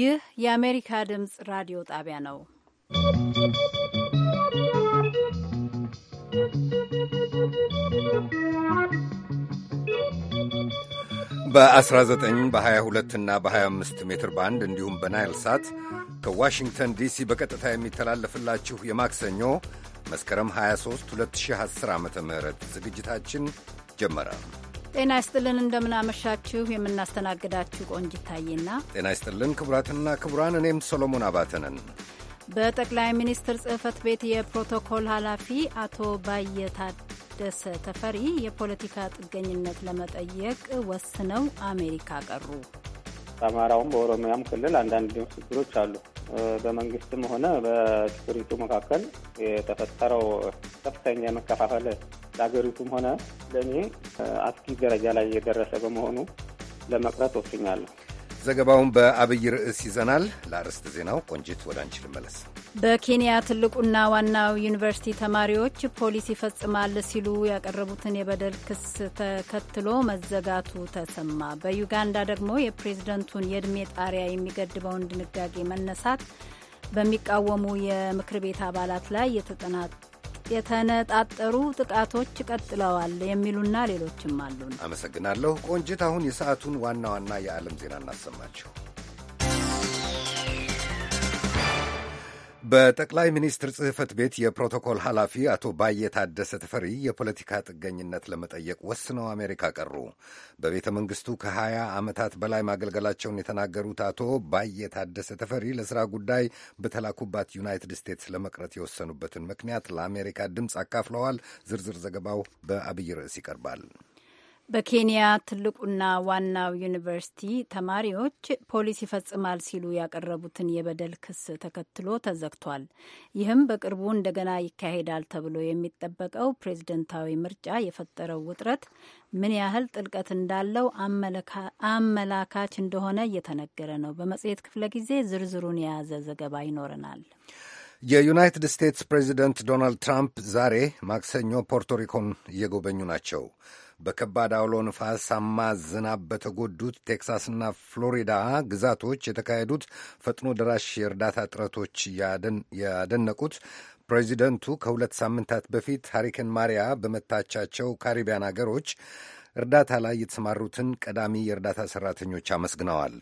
ይህ የአሜሪካ ድምፅ ራዲዮ ጣቢያ ነው። በ19 በ22 እና በ25 ሜትር ባንድ እንዲሁም በናይል ሳት ከዋሽንግተን ዲሲ በቀጥታ የሚተላለፍላችሁ የማክሰኞ መስከረም 23 2010 ዓ ም ዝግጅታችን ጀመራል። ጤና ይስጥልን እንደምናመሻችሁ የምናስተናግዳችሁ ቆንጅ ይታየና ጤና ይስጥልን ክቡራትና ክቡራን እኔም ሶሎሞን አባተ ነን። በጠቅላይ ሚኒስትር ጽህፈት ቤት የፕሮቶኮል ኃላፊ አቶ ባየ ታደሰ ተፈሪ የፖለቲካ ጥገኝነት ለመጠየቅ ወስነው አሜሪካ ቀሩ። በአማራውም በኦሮሚያም ክልል አንዳንድ ችግሮች አሉ። በመንግስትም ሆነ በጥቁሪቱ መካከል የተፈጠረው ከፍተኛ የመከፋፈል ለሀገሪቱም ሆነ ለእኔ አስጊ ደረጃ ላይ የደረሰ በመሆኑ ለመቅረት ወስኛለሁ። ዘገባውን በአብይ ርዕስ ይዘናል። ለአርዕስተ ዜናው ቆንጂት ወደ አንቺ ልመለስ። በኬንያ ትልቁና ዋናው ዩኒቨርሲቲ ተማሪዎች ፖሊስ ይፈጽማል ሲሉ ያቀረቡትን የበደል ክስ ተከትሎ መዘጋቱ ተሰማ። በዩጋንዳ ደግሞ የፕሬዝደንቱን የዕድሜ ጣሪያ የሚገድበውን ድንጋጌ መነሳት በሚቃወሙ የምክር ቤት አባላት ላይ የተጠናቀ የተነጣጠሩ ጥቃቶች ቀጥለዋል የሚሉና ሌሎችም አሉን። አመሰግናለሁ ቆንጅት። አሁን የሰዓቱን ዋና ዋና የዓለም ዜና እናሰማችሁ። በጠቅላይ ሚኒስትር ጽህፈት ቤት የፕሮቶኮል ኃላፊ አቶ ባየ ታደሰ ተፈሪ የፖለቲካ ጥገኝነት ለመጠየቅ ወስነው አሜሪካ ቀሩ። በቤተ መንግሥቱ ከ20 ዓመታት በላይ ማገልገላቸውን የተናገሩት አቶ ባየ ታደሰ ተፈሪ ለሥራ ጉዳይ በተላኩባት ዩናይትድ ስቴትስ ለመቅረት የወሰኑበትን ምክንያት ለአሜሪካ ድምፅ አካፍለዋል። ዝርዝር ዘገባው በአብይ ርዕስ ይቀርባል። በኬንያ ትልቁና ዋናው ዩኒቨርሲቲ ተማሪዎች ፖሊስ ይፈጽማል ሲሉ ያቀረቡትን የበደል ክስ ተከትሎ ተዘግቷል። ይህም በቅርቡ እንደገና ይካሄዳል ተብሎ የሚጠበቀው ፕሬዝደንታዊ ምርጫ የፈጠረው ውጥረት ምን ያህል ጥልቀት እንዳለው አመላካች እንደሆነ እየተነገረ ነው። በመጽሔት ክፍለ ጊዜ ዝርዝሩን የያዘ ዘገባ ይኖረናል። የዩናይትድ ስቴትስ ፕሬዚደንት ዶናልድ ትራምፕ ዛሬ ማክሰኞ ፖርቶሪኮን እየጎበኙ ናቸው። በከባድ አውሎ ንፋሳማ ዝናብ በተጎዱት ቴክሳስና ፍሎሪዳ ግዛቶች የተካሄዱት ፈጥኖ ደራሽ የእርዳታ ጥረቶች ያደነቁት ፕሬዚደንቱ ከሁለት ሳምንታት በፊት ሃሪኬን ማሪያ በመታቻቸው ካሪቢያን አገሮች እርዳታ ላይ የተሰማሩትን ቀዳሚ የእርዳታ ሠራተኞች አመስግነዋል።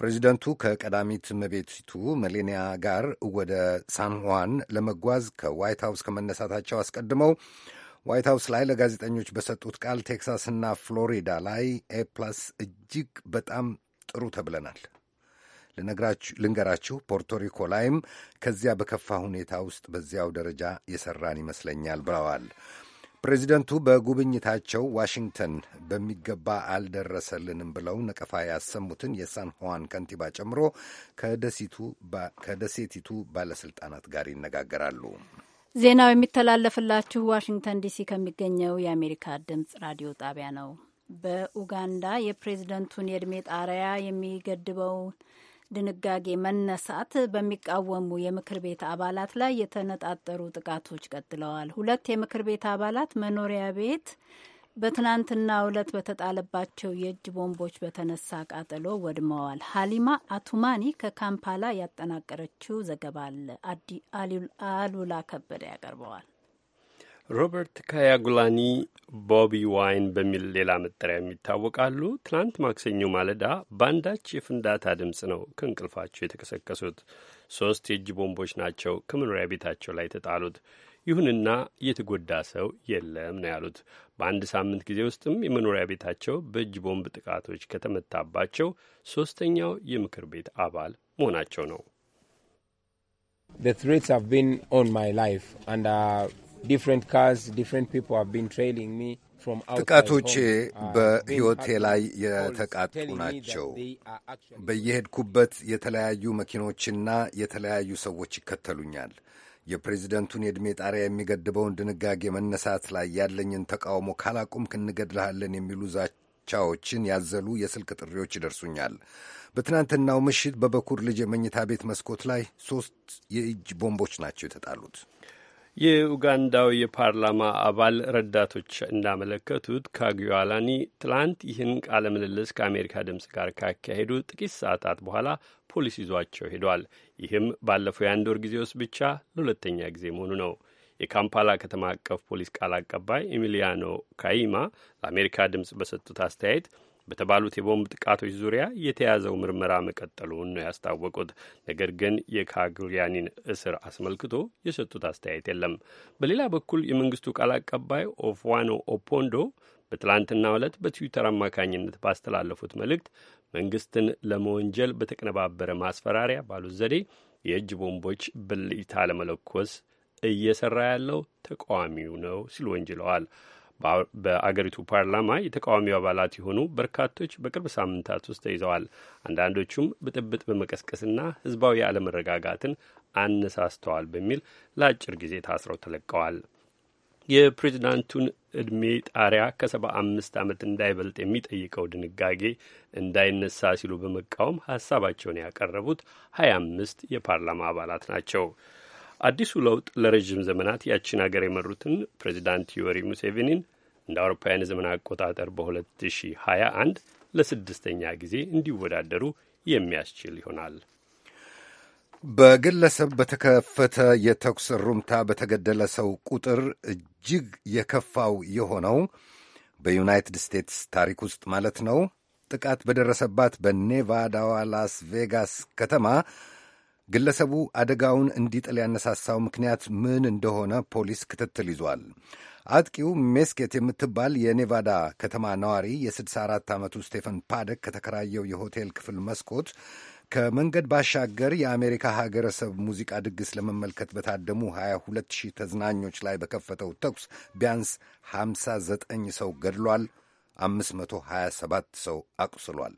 ፕሬዚደንቱ ከቀዳሚት እመቤቲቱ መሌኒያ ጋር ወደ ሳንዋን ለመጓዝ ከዋይት ሀውስ ከመነሳታቸው አስቀድመው ዋይት ሀውስ ላይ ለጋዜጠኞች በሰጡት ቃል ቴክሳስና ፍሎሪዳ ላይ ኤ ፕላስ እጅግ በጣም ጥሩ ተብለናል። ልንገራችሁ ፖርቶሪኮ ላይም ከዚያ በከፋ ሁኔታ ውስጥ በዚያው ደረጃ የሰራን ይመስለኛል ብለዋል። ፕሬዚደንቱ በጉብኝታቸው ዋሽንግተን በሚገባ አልደረሰልንም ብለው ነቀፋ ያሰሙትን የሳን ሁዋን ከንቲባ ጨምሮ ከደሴቲቱ ባለስልጣናት ጋር ይነጋገራሉ። ዜናው የሚተላለፍላችሁ ዋሽንግተን ዲሲ ከሚገኘው የአሜሪካ ድምጽ ራዲዮ ጣቢያ ነው። በኡጋንዳ የፕሬዝደንቱን የእድሜ ጣሪያ የሚገድበው ድንጋጌ መነሳት በሚቃወሙ የምክር ቤት አባላት ላይ የተነጣጠሩ ጥቃቶች ቀጥለዋል። ሁለት የምክር ቤት አባላት መኖሪያ ቤት በትናንትና ዕለት በተጣለባቸው የእጅ ቦምቦች በተነሳ ቃጠሎ ወድመዋል። ሀሊማ አቱማኒ ከካምፓላ ያጠናቀረችው ዘገባ አለ። አሉላ ከበደ ያቀርበዋል። ሮበርት ካያጉላኒ ቦቢ ዋይን በሚል ሌላ መጠሪያ የሚታወቃሉ። ትናንት ማክሰኞ ማለዳ በአንዳች የፍንዳታ ድምፅ ነው ከእንቅልፋቸው የተቀሰቀሱት። ሶስት የእጅ ቦምቦች ናቸው ከመኖሪያ ቤታቸው ላይ የተጣሉት። ይሁንና የተጎዳ ሰው የለም ነው ያሉት። በአንድ ሳምንት ጊዜ ውስጥም የመኖሪያ ቤታቸው በእጅ ቦምብ ጥቃቶች ከተመታባቸው ሶስተኛው የምክር ቤት አባል መሆናቸው ነው። uh, ጥቃቶቼ uh, በሕይወቴ ላይ የተቃጡ ናቸው። በየሄድኩበት የተለያዩ መኪኖችና የተለያዩ ሰዎች ይከተሉኛል። የፕሬዚደንቱን የዕድሜ ጣሪያ የሚገድበውን ድንጋጌ መነሳት ላይ ያለኝን ተቃውሞ ካላቁምክ እንገድልሃለን የሚሉ ዛቻዎችን ያዘሉ የስልክ ጥሪዎች ይደርሱኛል። በትናንትናው ምሽት በበኩር ልጅ የመኝታ ቤት መስኮት ላይ ሶስት የእጅ ቦምቦች ናቸው የተጣሉት። የኡጋንዳው የፓርላማ አባል ረዳቶች እንዳመለከቱት ካግዮላኒ ትላንት ይህን ቃለ ምልልስ ከአሜሪካ ድምፅ ጋር ካካሄዱ ጥቂት ሰዓታት በኋላ ፖሊስ ይዟቸው ሄዷል። ይህም ባለፈው የአንድ ወር ጊዜ ውስጥ ብቻ ለሁለተኛ ጊዜ መሆኑ ነው። የካምፓላ ከተማ አቀፍ ፖሊስ ቃል አቀባይ ኤሚሊያኖ ካይማ ለአሜሪካ ድምፅ በሰጡት አስተያየት በተባሉት የቦምብ ጥቃቶች ዙሪያ የተያዘው ምርመራ መቀጠሉን ነው ያስታወቁት። ነገር ግን የካግሊያኒን እስር አስመልክቶ የሰጡት አስተያየት የለም። በሌላ በኩል የመንግስቱ ቃል አቀባይ ኦፍዋኖ ኦፖንዶ በትላንትና ዕለት በትዊተር አማካኝነት ባስተላለፉት መልእክት መንግስትን ለመወንጀል በተቀነባበረ ማስፈራሪያ ባሉት ዘዴ የእጅ ቦምቦች ብልጭታ ለመለኮስ እየሰራ ያለው ተቃዋሚው ነው ሲል ወንጅለዋል። በአገሪቱ ፓርላማ የተቃዋሚው አባላት የሆኑ በርካቶች በቅርብ ሳምንታት ውስጥ ተይዘዋል። አንዳንዶቹም ብጥብጥ በመቀስቀስና ህዝባዊ አለመረጋጋትን አነሳስተዋል በሚል ለአጭር ጊዜ ታስረው ተለቀዋል። የፕሬዚዳንቱን እድሜ ጣሪያ ከሰባ አምስት ዓመት እንዳይበልጥ የሚጠይቀው ድንጋጌ እንዳይነሳ ሲሉ በመቃወም ሀሳባቸውን ያቀረቡት ሀያ አምስት የፓርላማ አባላት ናቸው። አዲሱ ለውጥ ለረዥም ዘመናት ያችን ሀገር የመሩትን ፕሬዚዳንት ዮዌሪ ሙሴቪኒን እንደ አውሮፓውያን ዘመን አቆጣጠር በ2021 ለስድስተኛ ጊዜ እንዲወዳደሩ የሚያስችል ይሆናል። በግለሰብ በተከፈተ የተኩስ ሩምታ በተገደለ ሰው ቁጥር እጅግ የከፋው የሆነው በዩናይትድ ስቴትስ ታሪክ ውስጥ ማለት ነው ጥቃት በደረሰባት በኔቫዳዋ ላስ ቬጋስ ከተማ ግለሰቡ አደጋውን እንዲጥል ያነሳሳው ምክንያት ምን እንደሆነ ፖሊስ ክትትል ይዟል። አጥቂው ሜስኬት የምትባል የኔቫዳ ከተማ ነዋሪ የ64 ዓመቱ ስቴፈን ፓደክ ከተከራየው የሆቴል ክፍል መስኮት ከመንገድ ባሻገር የአሜሪካ ሀገረሰብ ሙዚቃ ድግስ ለመመልከት በታደሙ 22 ሺህ ተዝናኞች ላይ በከፈተው ተኩስ ቢያንስ 59 ሰው ገድሏል፣ 527 ሰው አቁስሏል።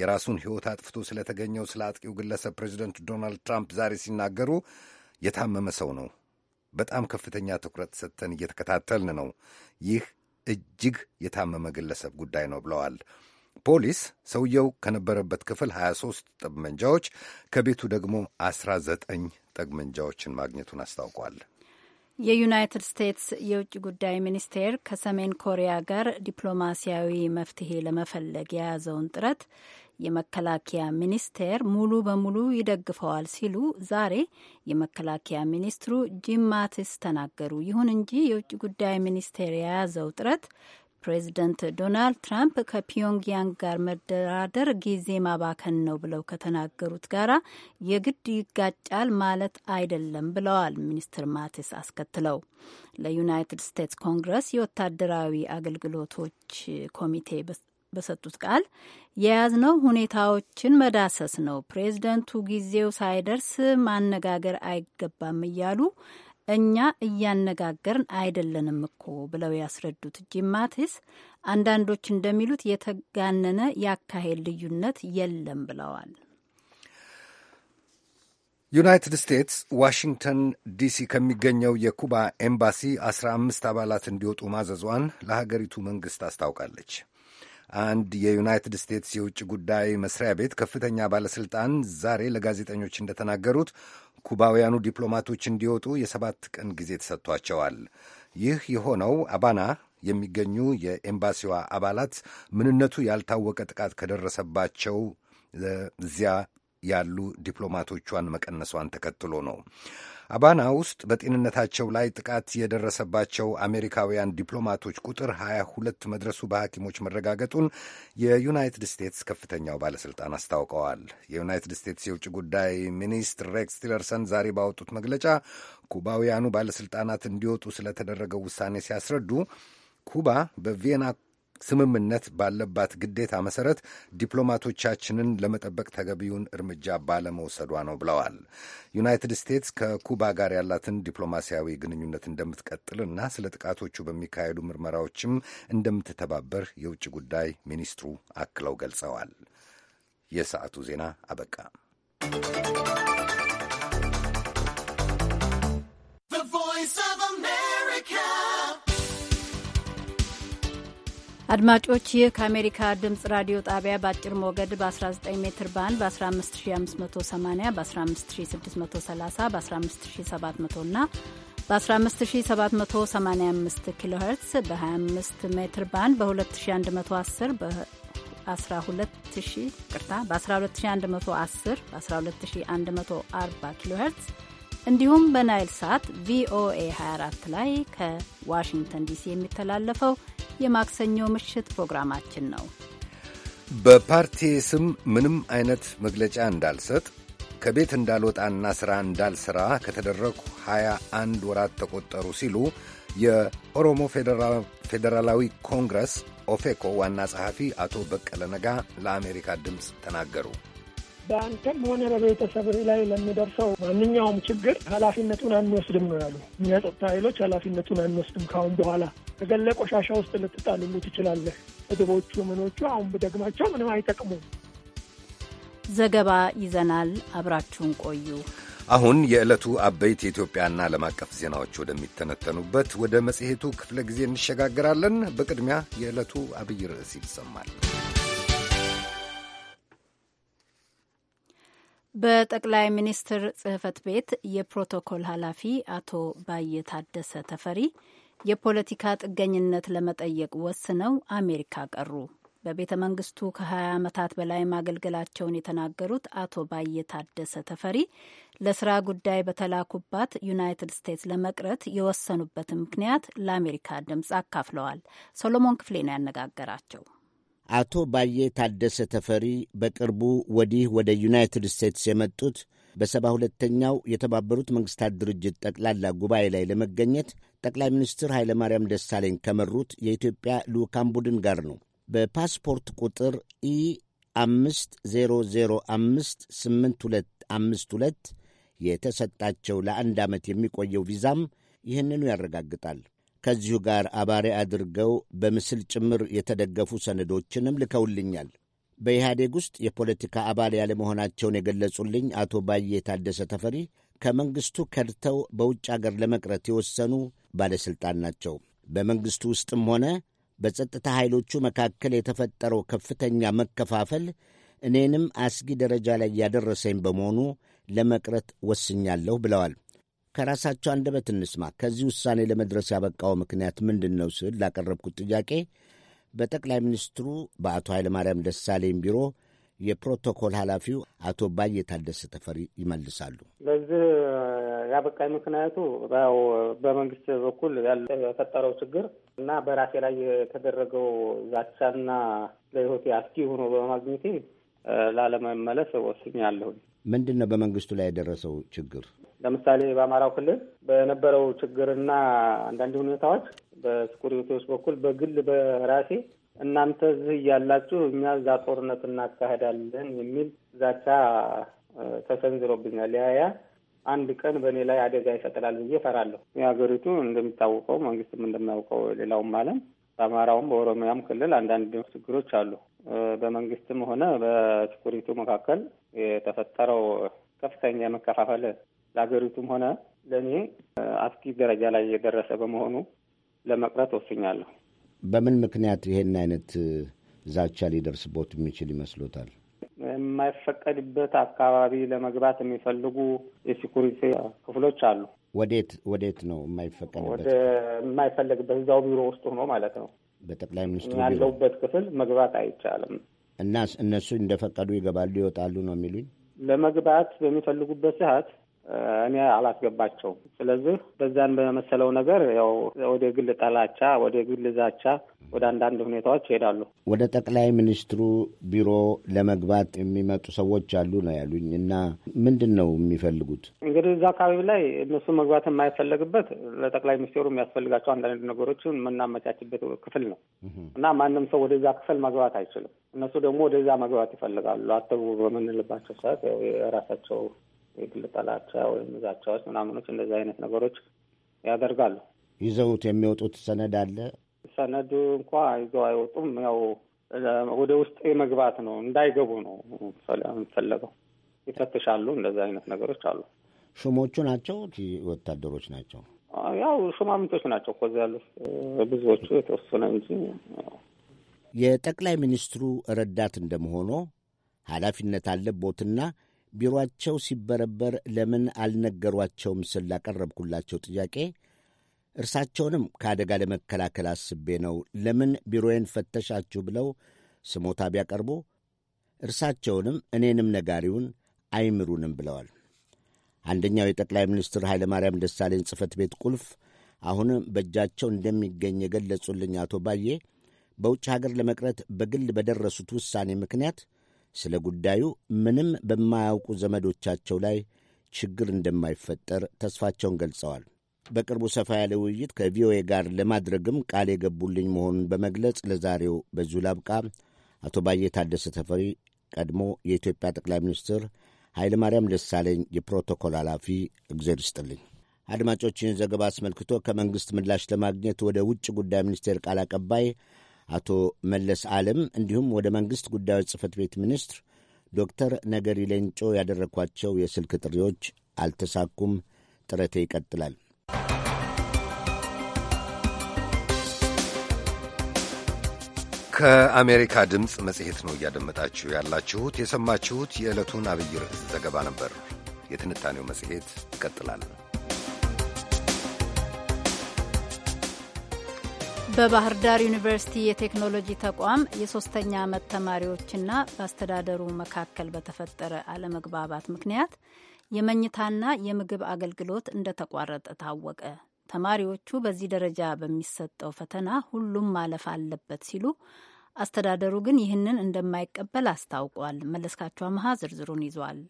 የራሱን ሕይወት አጥፍቶ ስለተገኘው ስለ አጥቂው ግለሰብ ፕሬዚደንት ዶናልድ ትራምፕ ዛሬ ሲናገሩ የታመመ ሰው ነው፣ በጣም ከፍተኛ ትኩረት ሰጥተን እየተከታተልን ነው፣ ይህ እጅግ የታመመ ግለሰብ ጉዳይ ነው ብለዋል። ፖሊስ ሰውየው ከነበረበት ክፍል 23 ጠመንጃዎች ከቤቱ ደግሞ 19 ጠመንጃዎችን ማግኘቱን አስታውቋል። የዩናይትድ ስቴትስ የውጭ ጉዳይ ሚኒስቴር ከሰሜን ኮሪያ ጋር ዲፕሎማሲያዊ መፍትሄ ለመፈለግ የያዘውን ጥረት የመከላከያ ሚኒስቴር ሙሉ በሙሉ ይደግፈዋል ሲሉ ዛሬ የመከላከያ ሚኒስትሩ ጂም ማቲስ ተናገሩ። ይሁን እንጂ የውጭ ጉዳይ ሚኒስቴር የያዘው ጥረት ፕሬዚደንት ዶናልድ ትራምፕ ከፒዮንግያንግ ጋር መደራደር ጊዜ ማባከን ነው ብለው ከተናገሩት ጋር የግድ ይጋጫል ማለት አይደለም ብለዋል ሚኒስትር ማቲስ አስከትለው። ለዩናይትድ ስቴትስ ኮንግረስ የወታደራዊ አገልግሎቶች ኮሚቴ በሰጡት ቃል የያዝነው ሁኔታዎችን መዳሰስ ነው፣ ፕሬዚደንቱ ጊዜው ሳይደርስ ማነጋገር አይገባም እያሉ እኛ እያነጋገርን አይደለንም እኮ ብለው ያስረዱት ጂም ማቲስ አንዳንዶች እንደሚሉት የተጋነነ የአካሄድ ልዩነት የለም ብለዋል። ዩናይትድ ስቴትስ ዋሽንግተን ዲሲ ከሚገኘው የኩባ ኤምባሲ አስራ አምስት አባላት እንዲወጡ ማዘዟን ለሀገሪቱ መንግሥት አስታውቃለች። አንድ የዩናይትድ ስቴትስ የውጭ ጉዳይ መስሪያ ቤት ከፍተኛ ባለሥልጣን ዛሬ ለጋዜጠኞች እንደተናገሩት ኩባውያኑ ዲፕሎማቶች እንዲወጡ የሰባት ቀን ጊዜ ተሰጥቷቸዋል። ይህ የሆነው አባና የሚገኙ የኤምባሲዋ አባላት ምንነቱ ያልታወቀ ጥቃት ከደረሰባቸው እዚያ ያሉ ዲፕሎማቶቿን መቀነሷን ተከትሎ ነው። አባና ውስጥ በጤንነታቸው ላይ ጥቃት የደረሰባቸው አሜሪካውያን ዲፕሎማቶች ቁጥር 22 መድረሱ በሐኪሞች መረጋገጡን የዩናይትድ ስቴትስ ከፍተኛው ባለሥልጣን አስታውቀዋል። የዩናይትድ ስቴትስ የውጭ ጉዳይ ሚኒስትር ሬክስ ቲለርሰን ዛሬ ባወጡት መግለጫ ኩባውያኑ ባለሥልጣናት እንዲወጡ ስለተደረገው ውሳኔ ሲያስረዱ ኩባ በቪየና ስምምነት ባለባት ግዴታ መሰረት ዲፕሎማቶቻችንን ለመጠበቅ ተገቢውን እርምጃ ባለመውሰዷ ነው ብለዋል። ዩናይትድ ስቴትስ ከኩባ ጋር ያላትን ዲፕሎማሲያዊ ግንኙነት እንደምትቀጥልና ስለ ጥቃቶቹ በሚካሄዱ ምርመራዎችም እንደምትተባበር የውጭ ጉዳይ ሚኒስትሩ አክለው ገልጸዋል። የሰዓቱ ዜና አበቃ። አድማጮች ይህ ከአሜሪካ ድምጽ ራዲዮ ጣቢያ በአጭር ሞገድ በ19 ሜትር ባንድ በ15580 በ15630 በ15700 እና በ15785 ኪሎ ሄርትስ በ25 ሜትር ባንድ በ2110 በ 12 ቅርታ በ12110 በ12140 ኪሎ ሄርትስ እንዲሁም በናይል ሳት ቪኦኤ 24 ላይ ከዋሽንግተን ዲሲ የሚተላለፈው የማክሰኞ ምሽት ፕሮግራማችን ነው። በፓርቲ ስም ምንም አይነት መግለጫ እንዳልሰጥ ከቤት እንዳልወጣና ሥራ እንዳልሥራ ከተደረግኩ 21 ወራት ተቆጠሩ ሲሉ የኦሮሞ ፌዴራላዊ ኮንግረስ ኦፌኮ ዋና ጸሐፊ አቶ በቀለ ነጋ ለአሜሪካ ድምፅ ተናገሩ። በአንተም ሆነ በቤተሰብ ላይ ለሚደርሰው ማንኛውም ችግር ኃላፊነቱን አንወስድም ነው ያሉ። እኛ ጸጥታ ኃይሎች ኃላፊነቱን አንወስድም ካሁን በኋላ ከገለ ቆሻሻ ውስጥ ልትጣልሉ ትችላለህ። እድቦቹ ምኖቹ አሁን ብደግማቸው ምንም አይጠቅሙም። ዘገባ ይዘናል። አብራችሁን ቆዩ። አሁን የዕለቱ አበይት የኢትዮጵያና ዓለም አቀፍ ዜናዎች ወደሚተነተኑበት ወደ መጽሔቱ ክፍለ ጊዜ እንሸጋግራለን። በቅድሚያ የዕለቱ አብይ ርዕስ ይሰማል። በጠቅላይ ሚኒስትር ጽህፈት ቤት የፕሮቶኮል ኃላፊ አቶ ባየ ታደሰ ተፈሪ የፖለቲካ ጥገኝነት ለመጠየቅ ወስነው አሜሪካ ቀሩ። በቤተ መንግስቱ ከ20 ዓመታት በላይ ማገልገላቸውን የተናገሩት አቶ ባየ ታደሰ ተፈሪ ለስራ ጉዳይ በተላኩባት ዩናይትድ ስቴትስ ለመቅረት የወሰኑበትን ምክንያት ለአሜሪካ ድምፅ አካፍለዋል። ሶሎሞን ክፍሌ ነው ያነጋገራቸው። አቶ ባዬ ታደሰ ተፈሪ በቅርቡ ወዲህ ወደ ዩናይትድ ስቴትስ የመጡት በሰባ ሁለተኛው የተባበሩት መንግስታት ድርጅት ጠቅላላ ጉባኤ ላይ ለመገኘት ጠቅላይ ሚኒስትር ኃይለማርያም ደሳለኝ ከመሩት የኢትዮጵያ ልዑካን ቡድን ጋር ነው። በፓስፖርት ቁጥር ኢ 5005 የተሰጣቸው ለአንድ ዓመት የሚቆየው ቪዛም ይህንኑ ያረጋግጣል። ከዚሁ ጋር አባሪ አድርገው በምስል ጭምር የተደገፉ ሰነዶችንም ልከውልኛል። በኢህአዴግ ውስጥ የፖለቲካ አባል ያለመሆናቸውን የገለጹልኝ አቶ ባዬ ታደሰ ተፈሪ ከመንግሥቱ ከድተው በውጭ አገር ለመቅረት የወሰኑ ባለሥልጣን ናቸው። በመንግሥቱ ውስጥም ሆነ በጸጥታ ኃይሎቹ መካከል የተፈጠረው ከፍተኛ መከፋፈል እኔንም አስጊ ደረጃ ላይ ያደረሰኝ በመሆኑ ለመቅረት ወስኛለሁ ብለዋል። ከራሳቸው አንደበት እንስማ። ከዚህ ውሳኔ ለመድረስ ያበቃው ምክንያት ምንድን ነው ስል ላቀረብኩት ጥያቄ በጠቅላይ ሚኒስትሩ በአቶ ኃይለማርያም ደሳለኝ ቢሮ የፕሮቶኮል ኃላፊው አቶ ባየ ታደሰ ተፈሪ ይመልሳሉ። በዚህ ያበቃኝ ምክንያቱ ያው በመንግስት በኩል የፈጠረው ችግር እና በራሴ ላይ የተደረገው ዛቻና ለሕይወቴ አስጊ ሆኖ በማግኘቴ ላለመመለስ ወስኛለሁኝ። ምንድን ነው በመንግስቱ ላይ የደረሰው ችግር? ለምሳሌ በአማራው ክልል በነበረው ችግርና አንዳንድ ሁኔታዎች በስኩሪቲዎች በኩል በግል በራሴ እናንተ እዚህ እያላችሁ እኛ እዛ ጦርነት እናካሄዳለን የሚል ዛቻ ተሰንዝሮብኛል። ያያ አንድ ቀን በእኔ ላይ አደጋ ይፈጥራል ብዬ ፈራለሁ። የሀገሪቱ እንደሚታወቀው መንግስትም እንደሚያውቀው ሌላውም ዓለም በአማራውም በኦሮሚያም ክልል አንዳንድ ችግሮች አሉ። በመንግስትም ሆነ በስኩሪቱ መካከል የተፈጠረው ከፍተኛ መከፋፈል ለሀገሪቱም ሆነ ለእኔ አስጊ ደረጃ ላይ የደረሰ በመሆኑ ለመቅረት ወስኛለሁ። በምን ምክንያት ይሄን አይነት ዛቻ ሊደርስቦት የሚችል ይመስሎታል? የማይፈቀድበት አካባቢ ለመግባት የሚፈልጉ የሴኩሪቲ ክፍሎች አሉ። ወዴት ወዴት ነው የማይፈቀድበት? ወደ የማይፈለግበት እዛው ቢሮ ውስጥ ሆኖ ማለት ነው። በጠቅላይ ሚኒስትሩ ያለውበት ክፍል መግባት አይቻልም እና እነሱ እንደፈቀዱ ይገባሉ ይወጣሉ ነው የሚሉኝ። ለመግባት በሚፈልጉበት ሰዓት እኔ አላስገባቸውም። ስለዚህ በዛን በመሰለው ነገር ያው ወደ ግል ጠላቻ፣ ወደ ግል ዛቻ፣ ወደ አንዳንድ ሁኔታዎች ይሄዳሉ። ወደ ጠቅላይ ሚኒስትሩ ቢሮ ለመግባት የሚመጡ ሰዎች አሉ ነው ያሉኝ። እና ምንድን ነው የሚፈልጉት? እንግዲህ እዛ አካባቢ ላይ እነሱ መግባት የማይፈለግበት ለጠቅላይ ሚኒስቴሩ የሚያስፈልጋቸው አንዳንድ ነገሮችን የምናመቻችበት ክፍል ነው እና ማንም ሰው ወደዛ ክፍል መግባት አይችልም። እነሱ ደግሞ ወደዛ መግባት ይፈልጋሉ። አትግቡ በምንልባቸው ሰዓት የራሳቸው የግል ጠላቻ ወይም ዛቻዎች ምናምኖች እንደዚህ አይነት ነገሮች ያደርጋሉ። ይዘውት የሚወጡት ሰነድ አለ። ሰነዱ እንኳ ይዘው አይወጡም። ያው ወደ ውስጥ መግባት ነው እንዳይገቡ ነው የሚፈለገው። ይፈትሻሉ። እንደዚህ አይነት ነገሮች አሉ። ሹሞቹ ናቸው ወታደሮች ናቸው። ያው ሹማምንቶች ናቸው እኮ እዚያ ያሉት ብዙዎቹ፣ የተወሰነ እንጂ የጠቅላይ ሚኒስትሩ ረዳት እንደመሆኖ ኃላፊነት አለቦትና ቢሮአቸው ሲበረበር ለምን አልነገሯቸውም ስል ላቀረብኩላቸው ጥያቄ እርሳቸውንም ከአደጋ ለመከላከል አስቤ ነው ለምን ቢሮዬን ፈተሻችሁ ብለው ስሞታ ቢያቀርቡ እርሳቸውንም እኔንም ነጋሪውን አይምሩንም ብለዋል። አንደኛው የጠቅላይ ሚኒስትር ኃይለማርያም ደሳለኝ ጽሕፈት ቤት ቁልፍ አሁንም በእጃቸው እንደሚገኝ የገለጹልኝ አቶ ባዬ በውጭ ሀገር ለመቅረት በግል በደረሱት ውሳኔ ምክንያት ስለ ጉዳዩ ምንም በማያውቁ ዘመዶቻቸው ላይ ችግር እንደማይፈጠር ተስፋቸውን ገልጸዋል። በቅርቡ ሰፋ ያለ ውይይት ከቪኦኤ ጋር ለማድረግም ቃል የገቡልኝ መሆኑን በመግለጽ ለዛሬው በዚሁ ላብቃ። አቶ ባዬ ታደሰ ተፈሪ ቀድሞ የኢትዮጵያ ጠቅላይ ሚኒስትር ኃይለማርያም ደሳለኝ የፕሮቶኮል ኃላፊ፣ እግዜር ይስጥልኝ። አድማጮችን ዘገባ አስመልክቶ ከመንግሥት ምላሽ ለማግኘት ወደ ውጭ ጉዳይ ሚኒስቴር ቃል አቀባይ አቶ መለስ ዓለም እንዲሁም ወደ መንግሥት ጉዳዮች ጽህፈት ቤት ሚኒስትር ዶክተር ነገሪ ሌንጮ ያደረግኳቸው የስልክ ጥሪዎች አልተሳኩም። ጥረቴ ይቀጥላል። ከአሜሪካ ድምፅ መጽሔት ነው እያደመጣችሁ ያላችሁት። የሰማችሁት የዕለቱን አብይ ርዕስ ዘገባ ነበር። የትንታኔው መጽሔት ይቀጥላል። በባህር ዳር ዩኒቨርሲቲ የቴክኖሎጂ ተቋም የሶስተኛ ዓመት ተማሪዎችና በአስተዳደሩ መካከል በተፈጠረ አለመግባባት ምክንያት የመኝታና የምግብ አገልግሎት እንደተቋረጠ ታወቀ። ተማሪዎቹ በዚህ ደረጃ በሚሰጠው ፈተና ሁሉም ማለፍ አለበት ሲሉ፣ አስተዳደሩ ግን ይህንን እንደማይቀበል አስታውቋል። መለስካቸው አመሃ ዝርዝሩን ይዟል።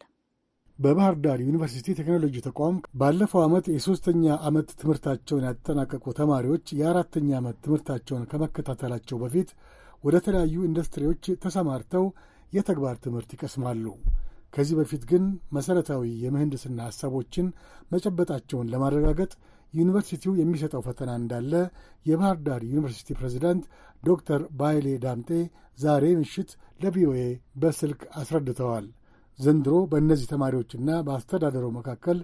በባህር ዳር ዩኒቨርሲቲ ቴክኖሎጂ ተቋም ባለፈው ዓመት የሦስተኛ ዓመት ትምህርታቸውን ያጠናቀቁ ተማሪዎች የአራተኛ ዓመት ትምህርታቸውን ከመከታተላቸው በፊት ወደ ተለያዩ ኢንዱስትሪዎች ተሰማርተው የተግባር ትምህርት ይቀስማሉ። ከዚህ በፊት ግን መሠረታዊ የምህንድስና ሐሳቦችን መጨበጣቸውን ለማረጋገጥ ዩኒቨርሲቲው የሚሰጠው ፈተና እንዳለ የባህር ዳር ዩኒቨርሲቲ ፕሬዚዳንት ዶክተር ባይሌ ዳምጤ ዛሬ ምሽት ለቪኦኤ በስልክ አስረድተዋል። ዘንድሮ በእነዚህ ተማሪዎችና በአስተዳደሩ መካከል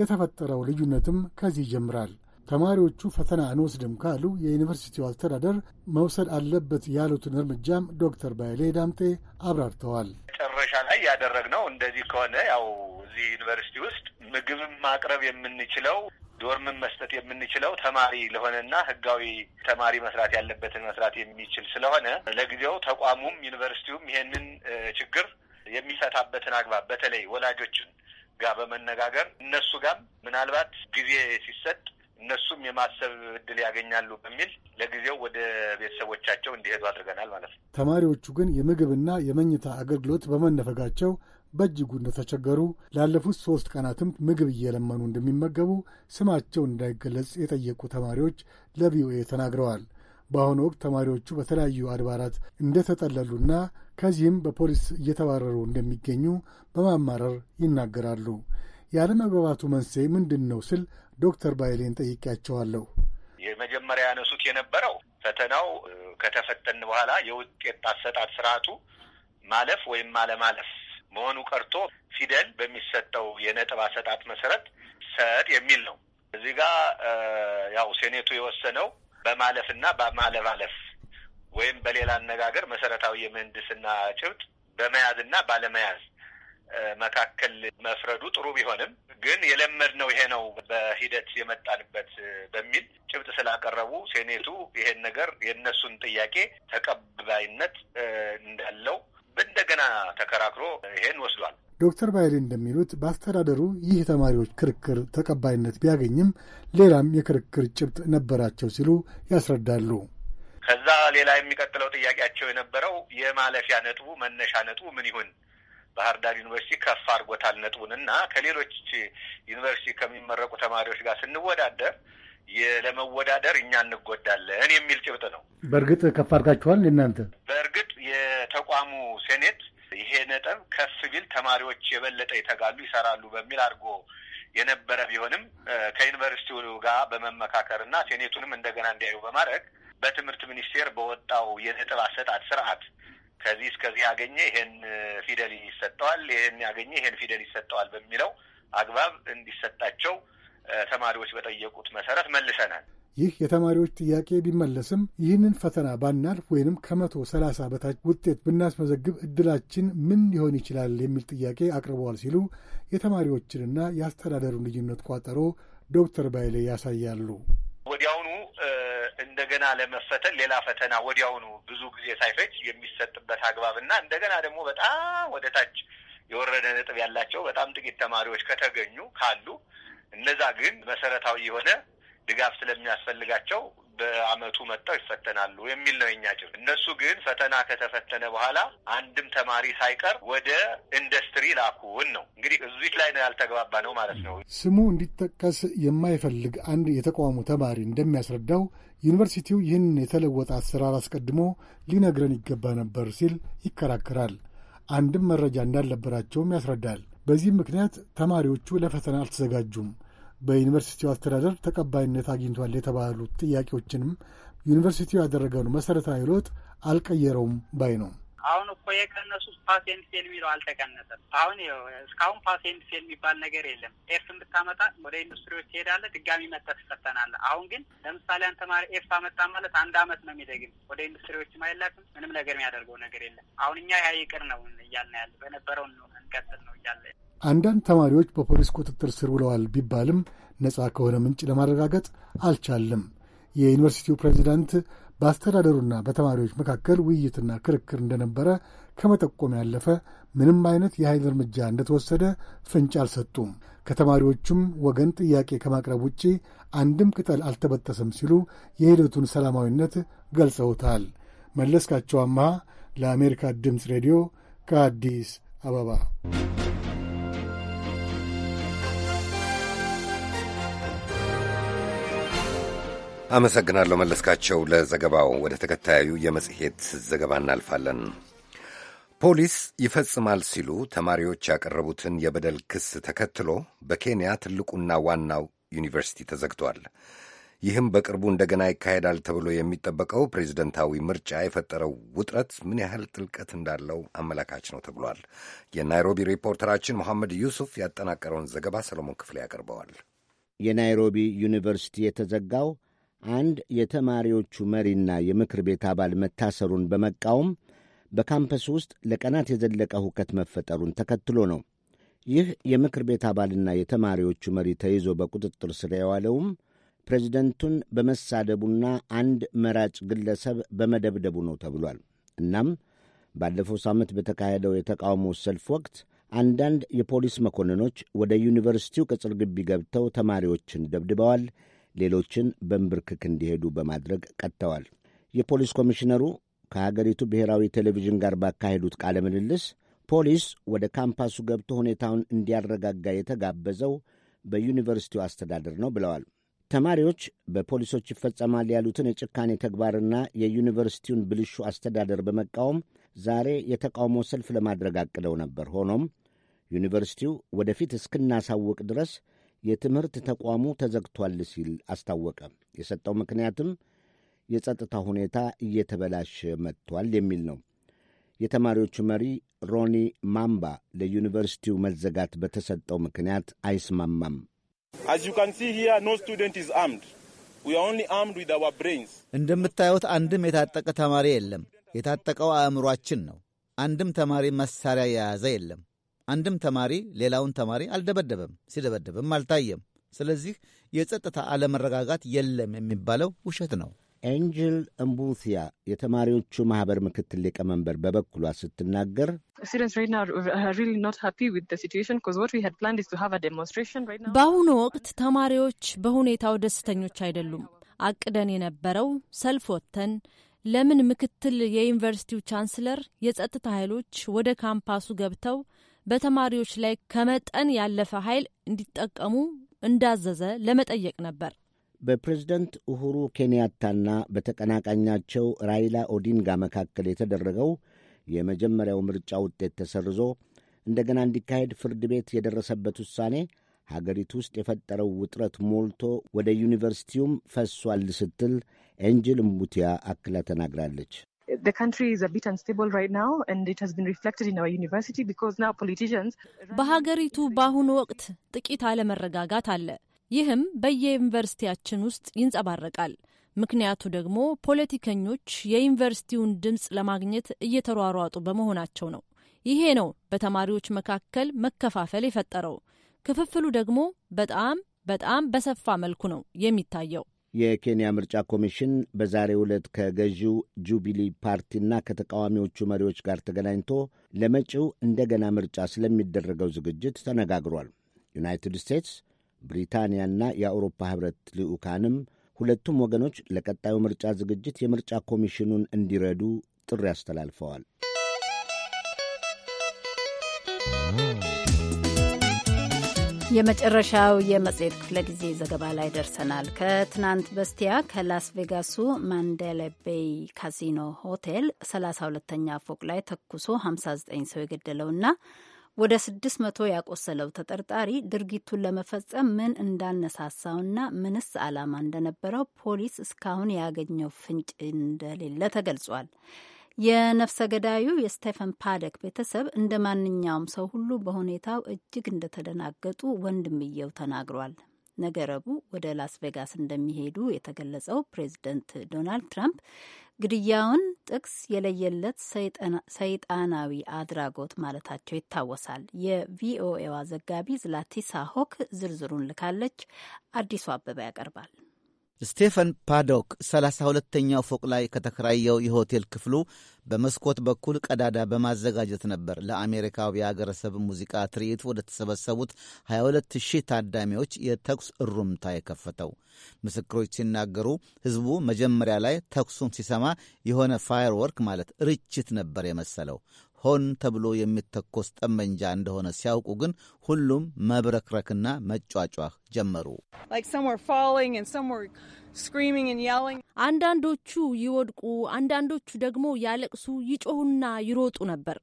የተፈጠረው ልዩነትም ከዚህ ይጀምራል። ተማሪዎቹ ፈተና አንወስድም ካሉ የዩኒቨርሲቲው አስተዳደር መውሰድ አለበት ያሉትን እርምጃም ዶክተር ባይሌ ዳምጤ አብራርተዋል። መጨረሻ ላይ ያደረግነው እንደዚህ ከሆነ ያው እዚህ ዩኒቨርሲቲ ውስጥ ምግብም ማቅረብ የምንችለው ዶርምን መስጠት የምንችለው ተማሪ ለሆነና ሕጋዊ ተማሪ መስራት ያለበትን መስራት የሚችል ስለሆነ ለጊዜው ተቋሙም ዩኒቨርሲቲውም ይሄንን ችግር የሚፈታበትን አግባብ በተለይ ወላጆችን ጋር በመነጋገር እነሱ ጋር ምናልባት ጊዜ ሲሰጥ እነሱም የማሰብ እድል ያገኛሉ በሚል ለጊዜው ወደ ቤተሰቦቻቸው እንዲሄዱ አድርገናል ማለት ነው። ተማሪዎቹ ግን የምግብና የመኝታ አገልግሎት በመነፈጋቸው በእጅጉ እንደተቸገሩ፣ ላለፉት ሶስት ቀናትም ምግብ እየለመኑ እንደሚመገቡ ስማቸው እንዳይገለጽ የጠየቁ ተማሪዎች ለቪኦኤ ተናግረዋል። በአሁኑ ወቅት ተማሪዎቹ በተለያዩ አድባራት እንደተጠለሉና ከዚህም በፖሊስ እየተባረሩ እንደሚገኙ በማማረር ይናገራሉ። ያለመግባባቱ መንስኤ ምንድን ነው ስል ዶክተር ባይሌን ጠይቄያቸዋለሁ። የመጀመሪያ ያነሱት የነበረው ፈተናው ከተፈተን በኋላ የውጤት አሰጣጥ ስርዓቱ ማለፍ ወይም አለማለፍ መሆኑ ቀርቶ ፊደል በሚሰጠው የነጥብ አሰጣጥ መሰረት ሰጥ የሚል ነው። እዚህ ጋ ያው ሴኔቱ የወሰነው በማለፍና በማለማለፍ ወይም በሌላ አነጋገር መሰረታዊ የምህንድስና ጭብጥ በመያዝ ባለመያዝ መካከል መፍረዱ ጥሩ ቢሆንም ግን የለመድነው ይሄ ነው በሂደት የመጣንበት በሚል ጭብጥ ስላቀረቡ ሴኔቱ ይሄን ነገር የእነሱን ጥያቄ ተቀባይነት እንዳለው እንደገና ተከራክሮ ይሄን ወስዷል። ዶክተር ባይሌ እንደሚሉት በአስተዳደሩ ይህ የተማሪዎች ክርክር ተቀባይነት ቢያገኝም ሌላም የክርክር ጭብጥ ነበራቸው ሲሉ ያስረዳሉ። ከዛ ሌላ የሚቀጥለው ጥያቄያቸው የነበረው የማለፊያ ነጥቡ መነሻ ነጥቡ ምን ይሁን? ባህር ዳር ዩኒቨርሲቲ ከፍ አድርጎታል ነጥቡን እና ከሌሎች ዩኒቨርሲቲ ከሚመረቁ ተማሪዎች ጋር ስንወዳደር ለመወዳደር እኛ እንጎዳለን የሚል ጭብጥ ነው። በእርግጥ ከፍ አድርጋችኋል እናንተ። በእርግጥ የተቋሙ ሴኔት ይሄ ነጥብ ከፍ ቢል ተማሪዎች የበለጠ ይተጋሉ፣ ይሰራሉ በሚል አድርጎ የነበረ ቢሆንም ከዩኒቨርሲቲው ጋር በመመካከር እና ሴኔቱንም እንደገና እንዲያዩ በማድረግ በትምህርት ሚኒስቴር በወጣው የነጥብ አሰጣት ስርዓት ከዚህ እስከዚህ ያገኘ ይሄን ፊደል ይሰጠዋል፣ ይሄን ያገኘ ይሄን ፊደል ይሰጠዋል በሚለው አግባብ እንዲሰጣቸው ተማሪዎች በጠየቁት መሰረት መልሰናል። ይህ የተማሪዎች ጥያቄ ቢመለስም ይህንን ፈተና ባናልፍ ወይንም ከመቶ ሰላሳ በታች ውጤት ብናስመዘግብ እድላችን ምን ሊሆን ይችላል የሚል ጥያቄ አቅርበዋል ሲሉ የተማሪዎችንና የአስተዳደሩን ልዩነት ቋጠሮ ዶክተር ባይሌ ያሳያሉ። ወዲያውኑ እንደገና ለመፈተን ሌላ ፈተና ወዲያውኑ ብዙ ጊዜ ሳይፈጅ የሚሰጥበት አግባብ እና እንደገና ደግሞ በጣም ወደ ታች የወረደ ነጥብ ያላቸው በጣም ጥቂት ተማሪዎች ከተገኙ ካሉ እነዛ ግን መሰረታዊ የሆነ ድጋፍ ስለሚያስፈልጋቸው በአመቱ መጥተው ይፈተናሉ የሚል ነው የኛ ጭብ። እነሱ ግን ፈተና ከተፈተነ በኋላ አንድም ተማሪ ሳይቀር ወደ ኢንዱስትሪ ላኩን ነው። እንግዲህ እዚህ ላይ ነው ያልተግባባ ነው ማለት ነው። ስሙ እንዲጠቀስ የማይፈልግ አንድ የተቋሙ ተማሪ እንደሚያስረዳው ዩኒቨርሲቲው ይህን የተለወጠ አሰራር አስቀድሞ ሊነግረን ይገባ ነበር ሲል ይከራከራል። አንድም መረጃ እንዳልነበራቸውም ያስረዳል። በዚህም ምክንያት ተማሪዎቹ ለፈተና አልተዘጋጁም። በዩኒቨርሲቲው አስተዳደር ተቀባይነት አግኝቷል የተባሉት ጥያቄዎችንም ዩኒቨርሲቲው ያደረገውን መሰረታዊ ለውጥ አልቀየረውም ባይ ነው። አሁን እኮ የቀነሱ ፓሴንት ፌል የሚለው አልተቀነሰም። አሁን እስካሁን ፓሴንት ፌል የሚባል ነገር የለም። ኤፍ ብታመጣ ወደ ኢንዱስትሪዎች ትሄዳለህ፣ ድጋሚ መጥተህ ትፈተናለህ። አሁን ግን ለምሳሌ አንተ ተማሪ ኤፍ አመጣ ማለት አንድ አመት ነው የሚደግም፣ ወደ ኢንዱስትሪዎችም አይላክም፣ ምንም ነገር የሚያደርገው ነገር የለም። አሁን እኛ ያይቅር ነው እያልን ያለ በነበረው እንቀጥል ነው እያለ አንዳንድ ተማሪዎች በፖሊስ ቁጥጥር ስር ውለዋል ቢባልም ነፃ ከሆነ ምንጭ ለማረጋገጥ አልቻለም። የዩኒቨርሲቲው ፕሬዚዳንት በአስተዳደሩና በተማሪዎች መካከል ውይይትና ክርክር እንደነበረ ከመጠቆም ያለፈ ምንም አይነት የኃይል እርምጃ እንደተወሰደ ፍንጭ አልሰጡም። ከተማሪዎቹም ወገን ጥያቄ ከማቅረብ ውጪ አንድም ቅጠል አልተበጠሰም ሲሉ የሂደቱን ሰላማዊነት ገልጸውታል። መለስካቸው አምሃ ለአሜሪካ ድምፅ ሬዲዮ ከአዲስ አበባ አመሰግናለሁ መለስካቸው ለዘገባው። ወደ ተከታዩ የመጽሔት ዘገባ እናልፋለን። ፖሊስ ይፈጽማል ሲሉ ተማሪዎች ያቀረቡትን የበደል ክስ ተከትሎ በኬንያ ትልቁና ዋናው ዩኒቨርሲቲ ተዘግቷል። ይህም በቅርቡ እንደገና ይካሄዳል ተብሎ የሚጠበቀው ፕሬዚደንታዊ ምርጫ የፈጠረው ውጥረት ምን ያህል ጥልቀት እንዳለው አመላካች ነው ተብሏል። የናይሮቢ ሪፖርተራችን መሐመድ ዩሱፍ ያጠናቀረውን ዘገባ ሰሎሞን ክፍሌ ያቀርበዋል። የናይሮቢ ዩኒቨርሲቲ የተዘጋው አንድ የተማሪዎቹ መሪና የምክር ቤት አባል መታሰሩን በመቃወም በካምፐስ ውስጥ ለቀናት የዘለቀ ሁከት መፈጠሩን ተከትሎ ነው። ይህ የምክር ቤት አባልና የተማሪዎቹ መሪ ተይዞ በቁጥጥር ስር የዋለውም ፕሬዚደንቱን በመሳደቡና አንድ መራጭ ግለሰብ በመደብደቡ ነው ተብሏል። እናም ባለፈው ሳምንት በተካሄደው የተቃውሞ ሰልፍ ወቅት አንዳንድ የፖሊስ መኮንኖች ወደ ዩኒቨርሲቲው ቅጽር ግቢ ገብተው ተማሪዎችን ደብድበዋል። ሌሎችን በንብርክክ እንዲሄዱ በማድረግ ቀጥተዋል። የፖሊስ ኮሚሽነሩ ከሀገሪቱ ብሔራዊ ቴሌቪዥን ጋር ባካሄዱት ቃለ ምልልስ ፖሊስ ወደ ካምፓሱ ገብቶ ሁኔታውን እንዲያረጋጋ የተጋበዘው በዩኒቨርሲቲው አስተዳደር ነው ብለዋል። ተማሪዎች በፖሊሶች ይፈጸማል ያሉትን የጭካኔ ተግባርና የዩኒቨርሲቲውን ብልሹ አስተዳደር በመቃወም ዛሬ የተቃውሞ ሰልፍ ለማድረግ አቅደው ነበር። ሆኖም ዩኒቨርሲቲው ወደፊት እስክናሳውቅ ድረስ የትምህርት ተቋሙ ተዘግቷል ሲል አስታወቀ። የሰጠው ምክንያትም የጸጥታ ሁኔታ እየተበላሸ መጥቷል የሚል ነው። የተማሪዎቹ መሪ ሮኒ ማምባ ለዩኒቨርሲቲው መዘጋት በተሰጠው ምክንያት አይስማማም። እንደምታዩት አንድም የታጠቀ ተማሪ የለም። የታጠቀው አእምሯችን ነው። አንድም ተማሪ መሳሪያ የያዘ የለም። አንድም ተማሪ ሌላውን ተማሪ አልደበደበም፣ ሲደበደብም አልታየም። ስለዚህ የጸጥታ አለመረጋጋት የለም የሚባለው ውሸት ነው። ኤንጅል እምቡሲያ የተማሪዎቹ ማህበር ምክትል ሊቀመንበር በበኩሏ ስትናገር በአሁኑ ወቅት ተማሪዎች በሁኔታው ደስተኞች አይደሉም። አቅደን የነበረው ሰልፍ ወጥተን ለምን ምክትል የዩኒቨርሲቲው ቻንስለር የጸጥታ ኃይሎች ወደ ካምፓሱ ገብተው በተማሪዎች ላይ ከመጠን ያለፈ ኃይል እንዲጠቀሙ እንዳዘዘ ለመጠየቅ ነበር። በፕሬዝደንት ኡሁሩ ኬንያታና በተቀናቃኛቸው ራይላ ኦዲንጋ መካከል የተደረገው የመጀመሪያው ምርጫ ውጤት ተሰርዞ እንደገና እንዲካሄድ ፍርድ ቤት የደረሰበት ውሳኔ ሀገሪቱ ውስጥ የፈጠረው ውጥረት ሞልቶ ወደ ዩኒቨርሲቲውም ፈሷል ስትል ኤንጅል እምቡቲያ አክላ ተናግራለች። the country is a bit unstable right now and it has been reflected in our university because now politicians በሀገሪቱ በአሁኑ ወቅት ጥቂት አለመረጋጋት አለ። ይህም በየዩኒቨርሲቲያችን ውስጥ ይንጸባረቃል። ምክንያቱ ደግሞ ፖለቲከኞች የዩኒቨርሲቲውን ድምፅ ለማግኘት እየተሯሯጡ በመሆናቸው ነው። ይሄ ነው በተማሪዎች መካከል መከፋፈል የፈጠረው። ክፍፍሉ ደግሞ በጣም በጣም በሰፋ መልኩ ነው የሚታየው። የኬንያ ምርጫ ኮሚሽን በዛሬ ዕለት ከገዢው ጁቢሊ ፓርቲና ከተቃዋሚዎቹ መሪዎች ጋር ተገናኝቶ ለመጪው እንደገና ምርጫ ስለሚደረገው ዝግጅት ተነጋግሯል። ዩናይትድ ስቴትስ፣ ብሪታንያና የአውሮፓ ኅብረት ልዑካንም ሁለቱም ወገኖች ለቀጣዩ ምርጫ ዝግጅት የምርጫ ኮሚሽኑን እንዲረዱ ጥሪ አስተላልፈዋል። የመጨረሻው የመጽሔት ክፍለ ጊዜ ዘገባ ላይ ደርሰናል። ከትናንት በስቲያ ከላስ ቬጋሱ ማንዴላ ቤይ ካሲኖ ሆቴል 32ኛ ፎቅ ላይ ተኩሶ 59 ሰው የገደለውና ወደ 600 ያቆሰለው ተጠርጣሪ ድርጊቱን ለመፈጸም ምን እንዳነሳሳውና ምንስ ዓላማ እንደነበረው ፖሊስ እስካሁን ያገኘው ፍንጭ እንደሌለ ተገልጿል። የነፍሰ ገዳዩ የስቴፈን ፓደክ ቤተሰብ እንደ ማንኛውም ሰው ሁሉ በሁኔታው እጅግ እንደተደናገጡ ወንድምየው ተናግሯል። ነገ ረቡዕ ወደ ላስ ቬጋስ እንደሚሄዱ የተገለጸው ፕሬዚደንት ዶናልድ ትራምፕ ግድያውን ጥቅስ የለየለት ሰይጣናዊ አድራጎት ማለታቸው ይታወሳል። የቪኦኤዋ ዘጋቢ ዝላቲሳ ሆክ ዝርዝሩን ልካለች። አዲሱ አበባ ያቀርባል። ስቴፈን ፓዶክ 32 ተኛው ፎቅ ላይ ከተከራየው የሆቴል ክፍሉ በመስኮት በኩል ቀዳዳ በማዘጋጀት ነበር ለአሜሪካው የአገረሰብ ሙዚቃ ትርኢት ወደ ተሰበሰቡት 22 ሺህ ታዳሚዎች የተኩስ እሩምታ የከፈተው። ምስክሮች ሲናገሩ ሕዝቡ መጀመሪያ ላይ ተኩሱን ሲሰማ የሆነ ፋየርወርክ ማለት ርችት ነበር የመሰለው። ሆን ተብሎ የሚተኮስ ጠመንጃ እንደሆነ ሲያውቁ ግን ሁሉም መብረክረክና መጯጯህ ጀመሩ። አንዳንዶቹ ይወድቁ፣ አንዳንዶቹ ደግሞ ያለቅሱ፣ ይጮሁና ይሮጡ ነበር።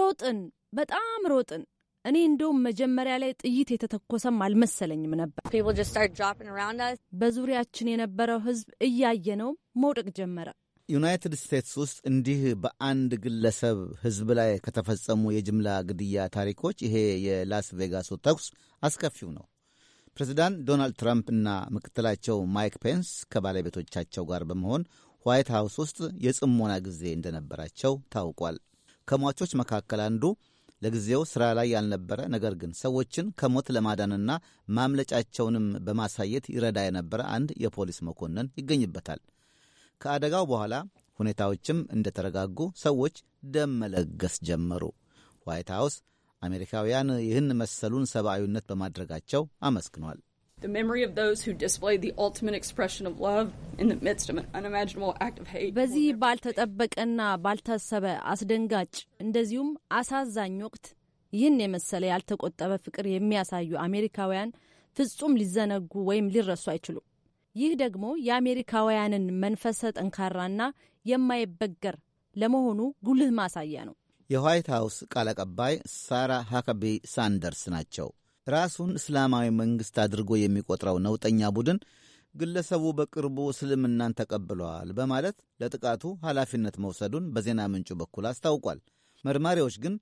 ሮጥን፣ በጣም ሮጥን። እኔ እንደውም መጀመሪያ ላይ ጥይት የተተኮሰም አልመሰለኝም ነበር። በዙሪያችን የነበረው ህዝብ እያየ ነው መውደቅ ጀመረ። ዩናይትድ ስቴትስ ውስጥ እንዲህ በአንድ ግለሰብ ህዝብ ላይ ከተፈጸሙ የጅምላ ግድያ ታሪኮች ይሄ የላስ ቬጋሱ ተኩስ አስከፊው ነው። ፕሬዚዳንት ዶናልድ ትራምፕ እና ምክትላቸው ማይክ ፔንስ ከባለቤቶቻቸው ጋር በመሆን ዋይት ሃውስ ውስጥ የጽሞና ጊዜ እንደነበራቸው ታውቋል። ከሟቾች መካከል አንዱ ለጊዜው ሥራ ላይ ያልነበረ ነገር ግን ሰዎችን ከሞት ለማዳንና ማምለጫቸውንም በማሳየት ይረዳ የነበረ አንድ የፖሊስ መኮንን ይገኝበታል። ከአደጋው በኋላ ሁኔታዎችም እንደተረጋጉ ሰዎች ደም መለገስ ጀመሩ። ዋይት ሀውስ አሜሪካውያን ይህን መሰሉን ሰብአዊነት በማድረጋቸው አመስግኗል። The memory of those who displayed the ultimate expression of love in the midst of an unimaginable act of hate. በዚህ ባልተጠበቀና ባልታሰበ አስደንጋጭ እንደዚሁም አሳዛኝ ወቅት ይህን የመሰለ ያልተቆጠበ ፍቅር የሚያሳዩ አሜሪካውያን ፍጹም ሊዘነጉ ወይም ሊረሱ አይችሉም። ይህ ደግሞ የአሜሪካውያንን መንፈሰ ጠንካራና የማይበገር ለመሆኑ ጉልህ ማሳያ ነው። የዋይት ሀውስ ቃል አቀባይ ሳራ ሃከቢ ሳንደርስ ናቸው። ራሱን እስላማዊ መንግሥት አድርጎ የሚቆጥረው ነውጠኛ ቡድን ግለሰቡ በቅርቡ እስልምናን ተቀብለዋል በማለት ለጥቃቱ ኃላፊነት መውሰዱን በዜና ምንጩ በኩል አስታውቋል። መርማሪዎች ግን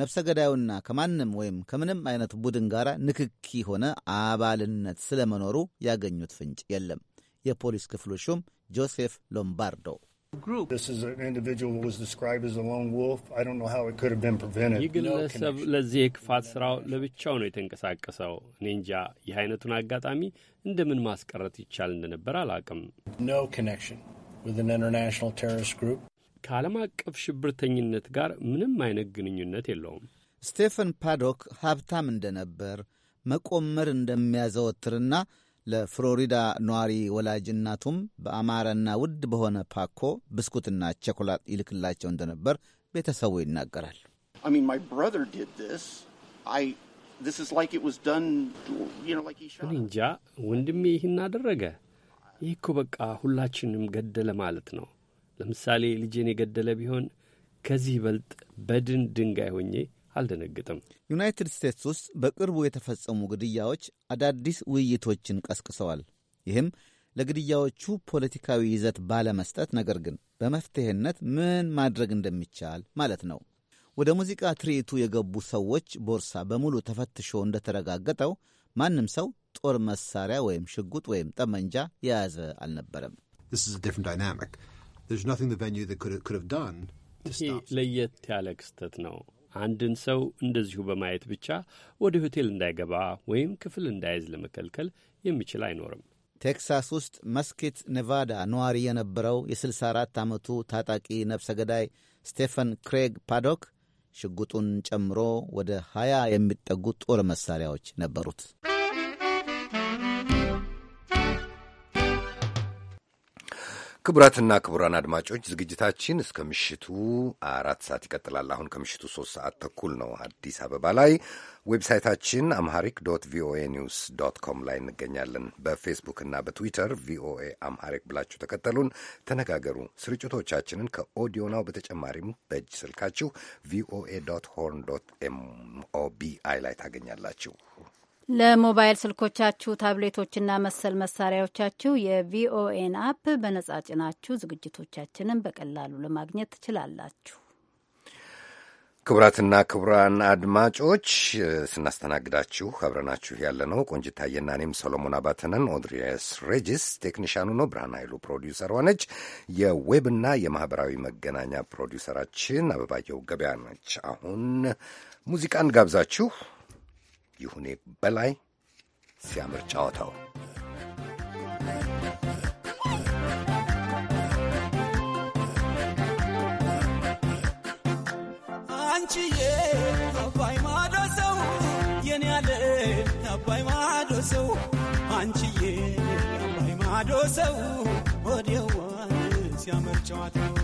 ነፍሰ ገዳዩና ከማንም ወይም ከምንም አይነት ቡድን ጋር ንክኪ ሆነ አባልነት ስለመኖሩ ያገኙት ፍንጭ የለም። የፖሊስ ክፍሉ ሹም ጆሴፍ ሎምባርዶ ይህ ግለሰብ ለዚህ የክፋት ስራው ለብቻው ነው የተንቀሳቀሰው። እኔ እንጃ ይህ አይነቱን አጋጣሚ እንደምን ማስቀረት ይቻል እንደነበር አላቅም። ከዓለም አቀፍ ሽብርተኝነት ጋር ምንም አይነት ግንኙነት የለውም። ስቴፈን ፓዶክ ሀብታም እንደነበር መቆመር እንደሚያዘወትርና ለፍሎሪዳ ነዋሪ ወላጅ እናቱም በአማረና ውድ በሆነ ፓኮ ብስኩትና ቸኮላት ይልክላቸው እንደነበር ቤተሰቡ ይናገራል። እኔ እንጃ ወንድሜ ይህን አደረገ። ይህ እኮ በቃ ሁላችንም ገደለ ማለት ነው። ለምሳሌ ልጄን የገደለ ቢሆን ከዚህ ይበልጥ በድን ድንጋይ ሆኜ አልደነግጥም። ዩናይትድ ስቴትስ ውስጥ በቅርቡ የተፈጸሙ ግድያዎች አዳዲስ ውይይቶችን ቀስቅሰዋል። ይህም ለግድያዎቹ ፖለቲካዊ ይዘት ባለመስጠት ነገር ግን በመፍትሄነት ምን ማድረግ እንደሚቻል ማለት ነው። ወደ ሙዚቃ ትርኢቱ የገቡ ሰዎች ቦርሳ በሙሉ ተፈትሾ እንደተረጋገጠው ማንም ሰው ጦር መሳሪያ ወይም ሽጉጥ ወይም ጠመንጃ የያዘ አልነበረም። ይህ ለየት ያለ ክስተት ነው። አንድን ሰው እንደዚሁ በማየት ብቻ ወደ ሆቴል እንዳይገባ ወይም ክፍል እንዳይዝ ለመከልከል የሚችል አይኖርም። ቴክሳስ ውስጥ መስኪት ኔቫዳ ነዋሪ የነበረው የ64 ዓመቱ ታጣቂ ነፍሰ ገዳይ ስቴፈን ክሬግ ፓዶክ ሽጉጡን ጨምሮ ወደ 20 የሚጠጉ ጦር መሳሪያዎች ነበሩት። ክቡራትና ክቡራን አድማጮች ዝግጅታችን እስከ ምሽቱ አራት ሰዓት ይቀጥላል። አሁን ከምሽቱ ሶስት ሰዓት ተኩል ነው አዲስ አበባ ላይ። ዌብሳይታችን አምሃሪክ ዶት ቪኦኤ ኒውስ ዶት ኮም ላይ እንገኛለን። በፌስቡክ እና በትዊተር ቪኦኤ አምሃሪክ ብላችሁ ተከተሉን፣ ተነጋገሩ። ስርጭቶቻችንን ከኦዲዮ ናው በተጨማሪም በእጅ ስልካችሁ ቪኦኤ ዶት ሆርን ዶት ኤምኦቢአይ ላይ ታገኛላችሁ። ለሞባይል ስልኮቻችሁ ታብሌቶችና መሰል መሳሪያዎቻችሁ የቪኦኤን አፕ በነጻ ጭናችሁ ዝግጅቶቻችንን በቀላሉ ለማግኘት ትችላላችሁ። ክቡራትና ክቡራን አድማጮች ስናስተናግዳችሁ አብረናችሁ ያለ ነው ቆንጅት ታየና እኔም ሰሎሞን አባተነን። ኦድሪየስ ሬጂስ ቴክኒሻኑ ነው። ብርሃን ኃይሉ ፕሮዲውሰሯ ነች። የዌብና የማህበራዊ መገናኛ ፕሮዲውሰራችን አበባየው ገበያ ነች። አሁን ሙዚቃን ጋብዛችሁ ይሁኔ በላይ ሲያምር ጨዋታው አንቺዬ አባይ ማዶ ሰው የኔ ያለ አባይ ማዶ ሰው አንቺዬ አባይ ማዶ ሰው ወዲያዋን ሲያምር ጨዋታዋ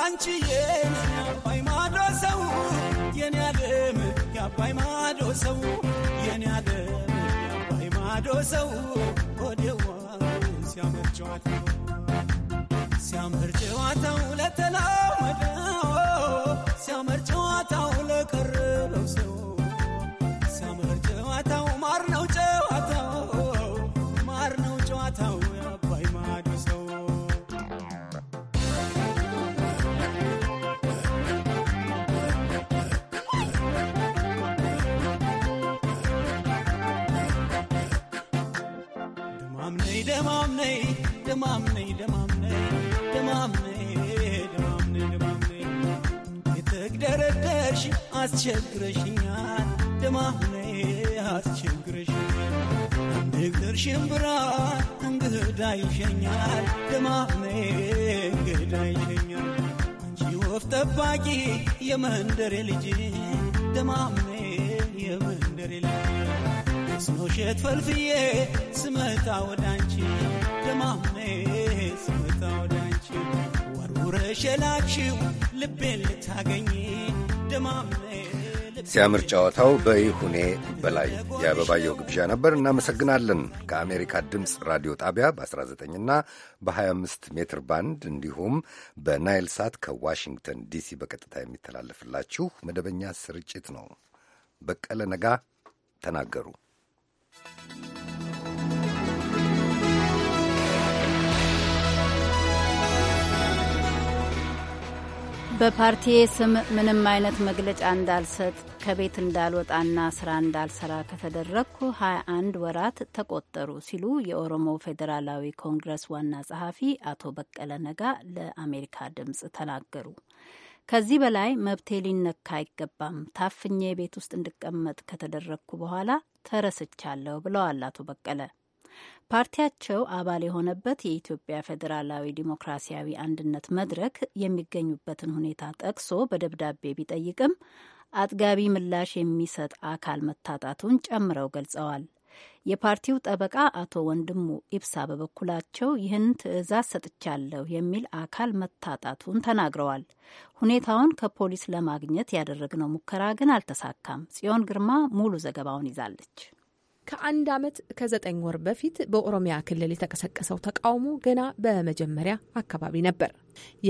አንቺዬ አባይ ማዶ ሰው የኔ ያለም የአባይ ማዶ ሰው የኔ አገር የአባይ ማዶ ሰው ወደዋ ሲያምር ጨዋታው ሲያምር ጨዋታው ለተላመደው ሲያምር ጨዋታው ለቀረበው ሰው ደማምነኝ ደማምነኝ ደማምነኝ ደማምነኝ ደማምነኝ የተግደረደርሽ አስቸግረሽኛል ደማምነኝ አስቸግረሽኛል እንድግደርሽ እምብራ እንግዳ ይሸኛል ደማምነኝ እንግዳ ይሸኛል አንቺ ወፍ ጠባቂ የመንደሬ ልጅ ደማምነኝ የመንደሬ ልጅ ስኖሸት ፈልፍዬ ስመታ ልሸላችሁ ልቤን ልታገኝ ሲያምር ጨዋታው በይሁኔ በላይ የአበባየው ግብዣ ነበር። እናመሰግናለን። ከአሜሪካ ድምፅ ራዲዮ ጣቢያ በ19ና በ25 ሜትር ባንድ እንዲሁም በናይል ሳት ከዋሽንግተን ዲሲ በቀጥታ የሚተላለፍላችሁ መደበኛ ስርጭት ነው። በቀለ ነጋ ተናገሩ። በፓርቲዬ ስም ምንም አይነት መግለጫ እንዳልሰጥ ከቤት እንዳልወጣና ስራ እንዳልሰራ ከተደረግኩ 21 ወራት ተቆጠሩ ሲሉ የኦሮሞ ፌዴራላዊ ኮንግረስ ዋና ጸሐፊ አቶ በቀለ ነጋ ለአሜሪካ ድምፅ ተናገሩ። ከዚህ በላይ መብቴ ሊነካ አይገባም። ታፍኜ ቤት ውስጥ እንድቀመጥ ከተደረግኩ በኋላ ተረስቻለሁ ብለዋል አቶ በቀለ። ፓርቲያቸው አባል የሆነበት የኢትዮጵያ ፌዴራላዊ ዲሞክራሲያዊ አንድነት መድረክ የሚገኙበትን ሁኔታ ጠቅሶ በደብዳቤ ቢጠይቅም አጥጋቢ ምላሽ የሚሰጥ አካል መታጣቱን ጨምረው ገልጸዋል። የፓርቲው ጠበቃ አቶ ወንድሙ ኢብሳ በበኩላቸው ይህን ትዕዛዝ ሰጥቻለሁ የሚል አካል መታጣቱን ተናግረዋል። ሁኔታውን ከፖሊስ ለማግኘት ያደረግነው ሙከራ ግን አልተሳካም። ጽዮን ግርማ ሙሉ ዘገባውን ይዛለች። ከአንድ ዓመት ከዘጠኝ ወር በፊት በኦሮሚያ ክልል የተቀሰቀሰው ተቃውሞ ገና በመጀመሪያ አካባቢ ነበር።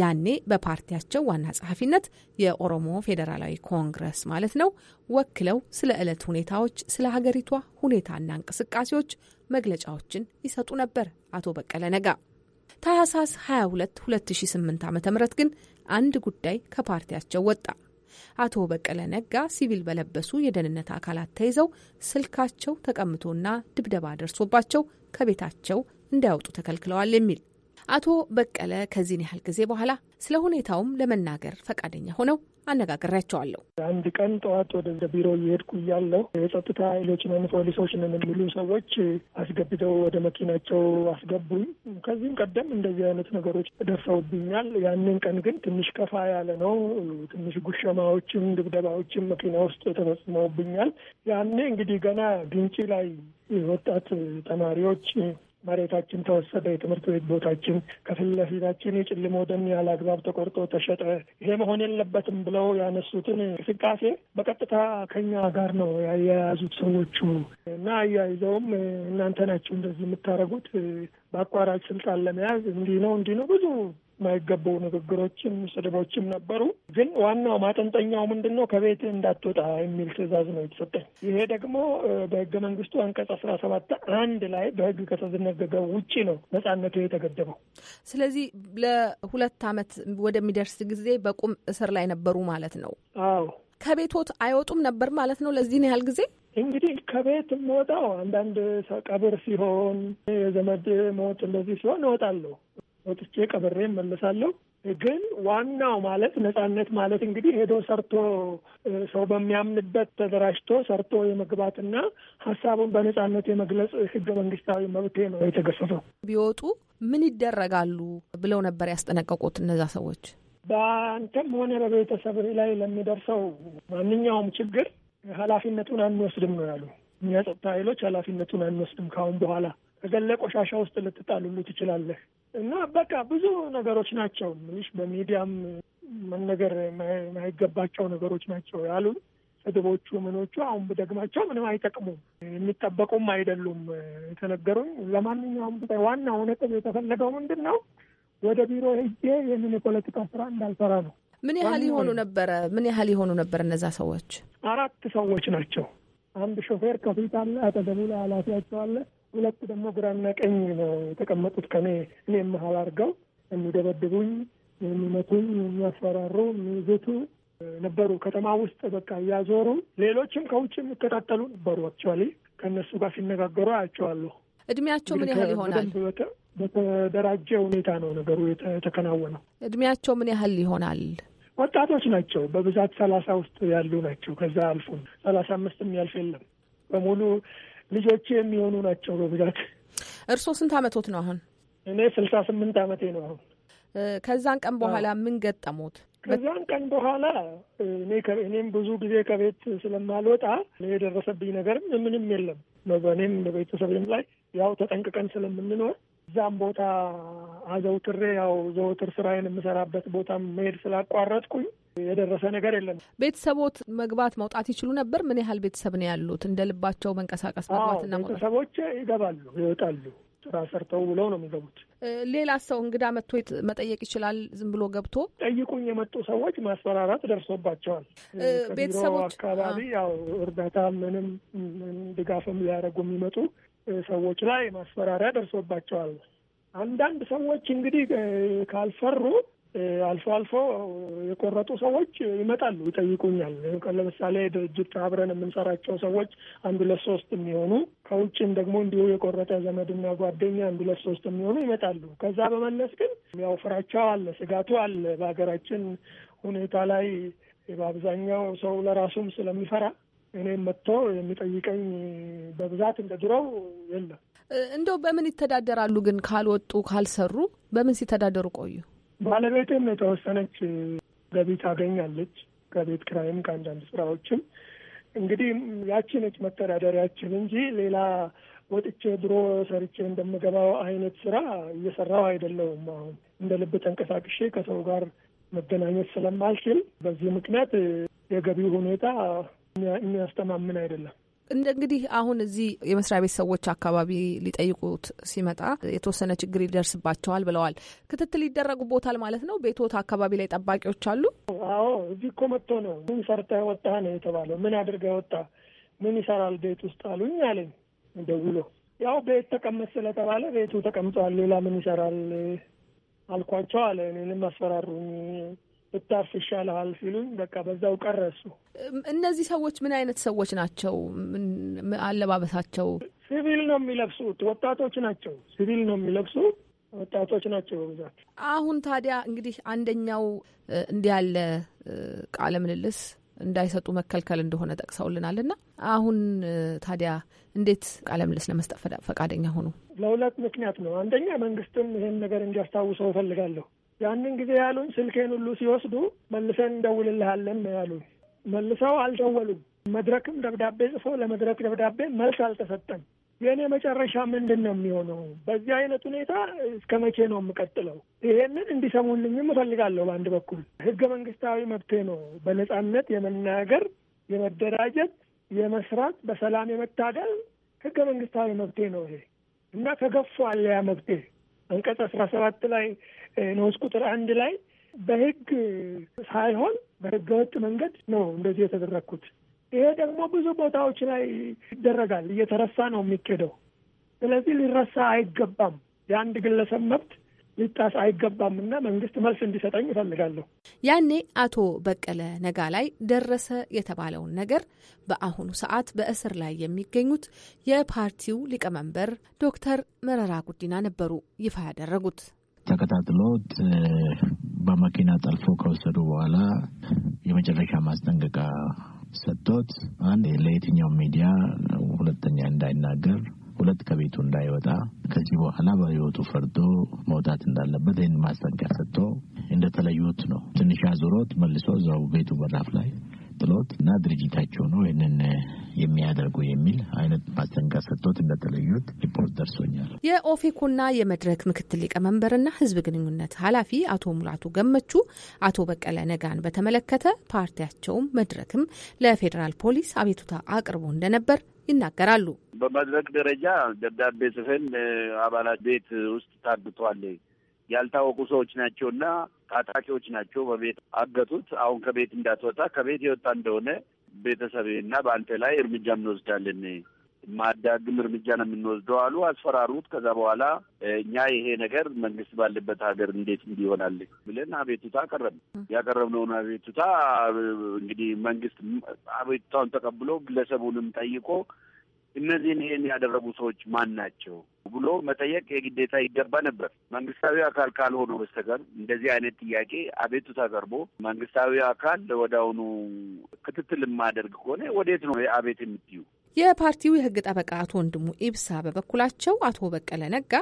ያኔ በፓርቲያቸው ዋና ጸሐፊነት የኦሮሞ ፌዴራላዊ ኮንግረስ ማለት ነው ወክለው ስለ ዕለት ሁኔታዎች፣ ስለ ሀገሪቷ ሁኔታና እንቅስቃሴዎች መግለጫዎችን ይሰጡ ነበር አቶ በቀለ ነጋ። ታህሳስ 22 2008 ዓ ም ግን አንድ ጉዳይ ከፓርቲያቸው ወጣ። አቶ በቀለ ነጋ ሲቪል በለበሱ የደህንነት አካላት ተይዘው ስልካቸው ተቀምቶና ድብደባ ደርሶባቸው ከቤታቸው እንዳያወጡ ተከልክለዋል የሚል አቶ በቀለ ከዚህን ያህል ጊዜ በኋላ ስለ ሁኔታውም ለመናገር ፈቃደኛ ሆነው አነጋግሬያቸዋለሁ። አንድ ቀን ጠዋት ወደ ቢሮ እየሄድኩ እያለሁ የጸጥታ ኃይሎች ነን ፖሊሶች ነን የሚሉ ሰዎች አስገብተው ወደ መኪናቸው አስገቡኝ። ከዚህም ቀደም እንደዚህ አይነት ነገሮች ደርሰውብኛል። ያንን ቀን ግን ትንሽ ከፋ ያለ ነው። ትንሽ ጉሸማዎችም ድብደባዎችም መኪና ውስጥ ተፈጽመውብኛል። ያኔ እንግዲህ ገና ግንጪ ላይ ወጣት ተማሪዎች መሬታችን ተወሰደ፣ የትምህርት ቤት ቦታችን ከፊት ለፊታችን የጭልሞ ደን ያለ አግባብ ተቆርጦ ተሸጠ፣ ይሄ መሆን የለበትም ብለው ያነሱትን እንቅስቃሴ በቀጥታ ከኛ ጋር ነው ያያያዙት ሰዎቹ እና አያይዘውም እናንተ ናችሁ እንደዚህ የምታደርጉት በአቋራጭ ስልጣን ለመያዝ እንዲህ ነው እንዲህ ነው ብዙ የማይገቡ ንግግሮችም ስድቦችም ነበሩ። ግን ዋናው ማጠንጠኛው ምንድን ነው? ከቤት እንዳትወጣ የሚል ትዕዛዝ ነው የተሰጠኝ። ይሄ ደግሞ በህገ መንግስቱ አንቀጽ አስራ ሰባት አንድ ላይ በህግ ከተዘነገገ ውጪ ነው ነጻነቱ የተገደበው። ስለዚህ ለሁለት አመት ወደሚደርስ ጊዜ በቁም እስር ላይ ነበሩ ማለት ነው። አዎ ከቤቶት አይወጡም ነበር ማለት ነው። ለዚህን ያህል ጊዜ እንግዲህ ከቤት የምወጣው አንዳንድ ቀብር ሲሆን፣ የዘመድ ሞት እንደዚህ ሲሆን እወጣለሁ። ወጥቼ ቀብሬ እመለሳለሁ። ግን ዋናው ማለት ነጻነት ማለት እንግዲህ ሄዶ ሰርቶ ሰው በሚያምንበት ተደራጅቶ ሰርቶ የመግባትና ሀሳቡን በነጻነት የመግለጽ ህገ መንግስታዊ መብቴ ነው የተገሰፈው። ቢወጡ ምን ይደረጋሉ ብለው ነበር ያስጠነቀቁት እነዛ ሰዎች። በአንተም ሆነ በቤተሰብ ላይ ለሚደርሰው ማንኛውም ችግር ኃላፊነቱን አንወስድም ነው ያሉ። እኛ ጸጥታ ኃይሎች ኃላፊነቱን አንወስድም ካሁን በኋላ ከዘለ ቆሻሻ ውስጥ ልትጣል ሁሉ ትችላለህ እና በቃ ብዙ ነገሮች ናቸው ምንሽ በሚዲያም መነገር የማይገባቸው ነገሮች ናቸው ያሉ ስድቦቹ ምኖቹ አሁን ብደግማቸው ምንም አይጠቅሙም፣ የሚጠበቁም አይደሉም የተነገሩኝ። ለማንኛውም ዋናው ነጥብ የተፈለገው ምንድን ነው? ወደ ቢሮ ሄጄ ይህንን የፖለቲካ ስራ እንዳልሰራ ነው። ምን ያህል የሆኑ ነበረ? ምን ያህል የሆኑ ነበር? እነዛ ሰዎች አራት ሰዎች ናቸው። አንድ ሾፌር ከፊት አለ፣ አጠገቡ ላይ ኃላፊያቸው አለ፣ ሁለቱ ደግሞ ግራና ቀኝ ነው የተቀመጡት። ከኔ እኔ መሀል አድርገው የሚደበድቡኝ፣ የሚመቱኝ፣ የሚያስፈራሩ፣ የሚይዙቱ ነበሩ። ከተማ ውስጥ በቃ እያዞሩ ሌሎችም ከውጭ የሚከታተሉ ነበሩ። አክቹዋሊ ከእነሱ ጋር ሲነጋገሩ አያቸዋለሁ። እድሜያቸው ምን ያህል ይሆናል? በተደራጀ ሁኔታ ነው ነገሩ የተከናወነው። እድሜያቸው ምን ያህል ይሆናል? ወጣቶች ናቸው በብዛት ሰላሳ ውስጥ ያሉ ናቸው። ከዛ አልፉ ሰላሳ አምስትም ያልፍ የለም በሙሉ ልጆች የሚሆኑ ናቸው በብዛት። እርስዎ ስንት አመቶት ነው አሁን? እኔ ስልሳ ስምንት አመቴ ነው አሁን። ከዛን ቀን በኋላ ምን ገጠሙት? ከዛን ቀን በኋላ እኔ እኔም ብዙ ጊዜ ከቤት ስለማልወጣ የደረሰብኝ ነገርም ምንም የለም። በእኔም በቤተሰብም ላይ ያው ተጠንቅቀን ስለምንኖር እዛም ቦታ አዘውትሬ ያው ዘውትር ስራዬን የምሰራበት ቦታ መሄድ ስላቋረጥኩኝ የደረሰ ነገር የለም። ቤተሰቦት መግባት መውጣት ይችሉ ነበር? ምን ያህል ቤተሰብ ነው ያሉት? እንደ ልባቸው መንቀሳቀስ መግባትና ቤተሰቦች ይገባሉ፣ ይወጣሉ። ስራ ሰርተው ብለው ነው የሚገቡት። ሌላ ሰው እንግዳ መጥቶ መጠየቅ ይችላል። ዝም ብሎ ገብቶ ጠይቁኝ የመጡ ሰዎች ማስፈራራት ደርሶባቸዋል። ቤተሰቦች አካባቢ ያው እርዳታ ምንም ድጋፍም ሊያደርጉ የሚመጡ ሰዎች ላይ ማስፈራሪያ ደርሶባቸዋል። አንዳንድ ሰዎች እንግዲህ ካልፈሩ አልፎ አልፎ የቆረጡ ሰዎች ይመጣሉ፣ ይጠይቁኛል። ለምሳሌ ድርጅት አብረን የምንሰራቸው ሰዎች አንድ ሁለት ሶስት የሚሆኑ ከውጭም ደግሞ እንዲሁ የቆረጠ ዘመድና ጓደኛ አንድ ሁለት ሶስት የሚሆኑ ይመጣሉ። ከዛ በመለስ ግን ያው ፍራቻው አለ፣ ስጋቱ አለ። በሀገራችን ሁኔታ ላይ በአብዛኛው ሰው ለራሱም ስለሚፈራ እኔም መጥቶ የሚጠይቀኝ በብዛት እንደ ድሮው የለም። እንደው በምን ይተዳደራሉ ግን? ካልወጡ ካልሰሩ በምን ሲተዳደሩ ቆዩ? ባለቤቴም የተወሰነች ገቢ ታገኛለች፣ ከቤት ክራይም ከአንዳንድ ስራዎችም። እንግዲህ ያችነች መተዳደሪያችን እንጂ ሌላ ወጥቼ ድሮ ሰርቼ እንደምገባው አይነት ስራ እየሰራው አይደለውም። አሁን እንደ ልብ ተንቀሳቅሼ ከሰው ጋር መገናኘት ስለማልችል በዚህ ምክንያት የገቢው ሁኔታ የሚያስተማምን አይደለም። እንደ እንግዲህ አሁን እዚህ የመስሪያ ቤት ሰዎች አካባቢ ሊጠይቁት ሲመጣ የተወሰነ ችግር ይደርስባቸዋል ብለዋል። ክትትል ይደረጉቦታል ማለት ነው። ቤቶት አካባቢ ላይ ጠባቂዎች አሉ። አዎ፣ እዚህ እኮ መጥቶ ነው ምን ሰርተህ ወጣህ ነው የተባለው። ምን አድርገህ ወጣ? ምን ይሰራል ቤት ውስጥ አሉኝ አለኝ ደውሎ። ያው ቤት ተቀመጥ ስለተባለ ቤቱ ተቀምጧል። ሌላ ምን ይሰራል አልኳቸው አለ። እኔንም አስፈራሩኝ። ብታርፍ ይሻልሃል ሲሉኝ በቃ በዛው ቀረሱ እነዚህ ሰዎች ምን አይነት ሰዎች ናቸው? አለባበሳቸው ሲቪል ነው የሚለብሱት። ወጣቶች ናቸው። ሲቪል ነው የሚለብሱት ወጣቶች ናቸው በብዛት። አሁን ታዲያ እንግዲህ አንደኛው እንዲህ ያለ ቃለ ምልልስ እንዳይሰጡ መከልከል እንደሆነ ጠቅሰውልናልና አሁን ታዲያ እንዴት ቃለ ምልልስ ለመስጠት ፈቃደኛ ሆኑ? ለሁለት ምክንያት ነው። አንደኛ መንግስትም ይህን ነገር እንዲያስታውሰው እፈልጋለሁ። ያንን ጊዜ ያሉኝ ስልኬን ሁሉ ሲወስዱ መልሰን እንደውልልሃለን ነው ያሉኝ። መልሰው አልደወሉም። መድረክም ደብዳቤ ጽፎ ለመድረክ ደብዳቤ መልስ አልተሰጠም። የእኔ መጨረሻ ምንድን ነው የሚሆነው? በዚህ አይነት ሁኔታ እስከ መቼ ነው የምቀጥለው? ይሄንን እንዲሰሙልኝም እፈልጋለሁ። በአንድ በኩል ህገ መንግስታዊ መብቴ ነው በነጻነት የመናገር፣ የመደራጀት፣ የመስራት፣ በሰላም የመታገል ህገ መንግስታዊ መብቴ ነው ይሄ እና ተገፏል ያ መብቴ አንቀጽ አስራ ሰባት ላይ ንዑስ ቁጥር አንድ ላይ በህግ ሳይሆን በህገ ወጥ መንገድ ነው እንደዚህ የተደረግኩት። ይሄ ደግሞ ብዙ ቦታዎች ላይ ይደረጋል፣ እየተረሳ ነው የሚኬደው። ስለዚህ ሊረሳ አይገባም። የአንድ ግለሰብ መብት ሊጣስ አይገባም እና መንግስት መልስ እንዲሰጠኝ እፈልጋለሁ። ያኔ አቶ በቀለ ነጋ ላይ ደረሰ የተባለውን ነገር በአሁኑ ሰዓት በእስር ላይ የሚገኙት የፓርቲው ሊቀመንበር ዶክተር መረራ ጉዲና ነበሩ ይፋ ያደረጉት። ተከታትሎት በመኪና ጠልፎ ከወሰዱ በኋላ የመጨረሻ ማስጠንቀቂያ ሰጥቶት አንድ ለየትኛው ሚዲያ ሁለተኛ እንዳይናገር ሁለት ከቤቱ እንዳይወጣ ከዚህ በኋላ በህይወቱ ፈርዶ መውጣት እንዳለበት ይህን ማስጠንቀቂያ ሰጥቶ እንደተለዩት ነው። ትንሽ አዙሮት መልሶ እዛው ቤቱ በራፍ ላይ አገልግሎት እና ድርጅታቸው ነው ይህንን የሚያደርጉ የሚል አይነት ማስጠንቀቂያ ሰጥቶት እንደተለዩት ሪፖርት ደርሶኛል። የኦፌኮና የመድረክ ምክትል ሊቀመንበርና ህዝብ ግንኙነት ኃላፊ አቶ ሙላቱ ገመቹ አቶ በቀለ ነጋን በተመለከተ ፓርቲያቸውም መድረክም ለፌዴራል ፖሊስ አቤቱታ አቅርቦ እንደነበር ይናገራሉ። በመድረክ ደረጃ ደብዳቤ ጽፈን አባላት ቤት ውስጥ ታግቷል ያልታወቁ ሰዎች ናቸው እና ታጣቂዎች ናቸው በቤት አገቱት። አሁን ከቤት እንዳትወጣ ከቤት የወጣ እንደሆነ ቤተሰብ እና በአንተ ላይ እርምጃ እንወስዳለን ማዳግም እርምጃ ነው የምንወስደው አሉ። አስፈራሩት። ከዛ በኋላ እኛ ይሄ ነገር መንግስት ባለበት ሀገር እንዴት እንዲሆናል ብለን አቤቱታ አቀረብ ያቀረብነውን አቤቱታ እንግዲህ መንግስት አቤቱታውን ተቀብሎ ግለሰቡንም ጠይቆ እነዚህን ይሄን ያደረጉ ሰዎች ማን ናቸው ብሎ መጠየቅ የግዴታ ይገባ ነበር። መንግስታዊ አካል ካልሆነ በስተቀር እንደዚህ አይነት ጥያቄ አቤቱታ ቀርቦ መንግስታዊ አካል ወደ አሁኑ ክትትል የማደርግ ከሆነ ወዴት ነው አቤት የምትዩ? የፓርቲው የህግ ጠበቃ አቶ ወንድሙ ኢብሳ በበኩላቸው አቶ በቀለ ነጋ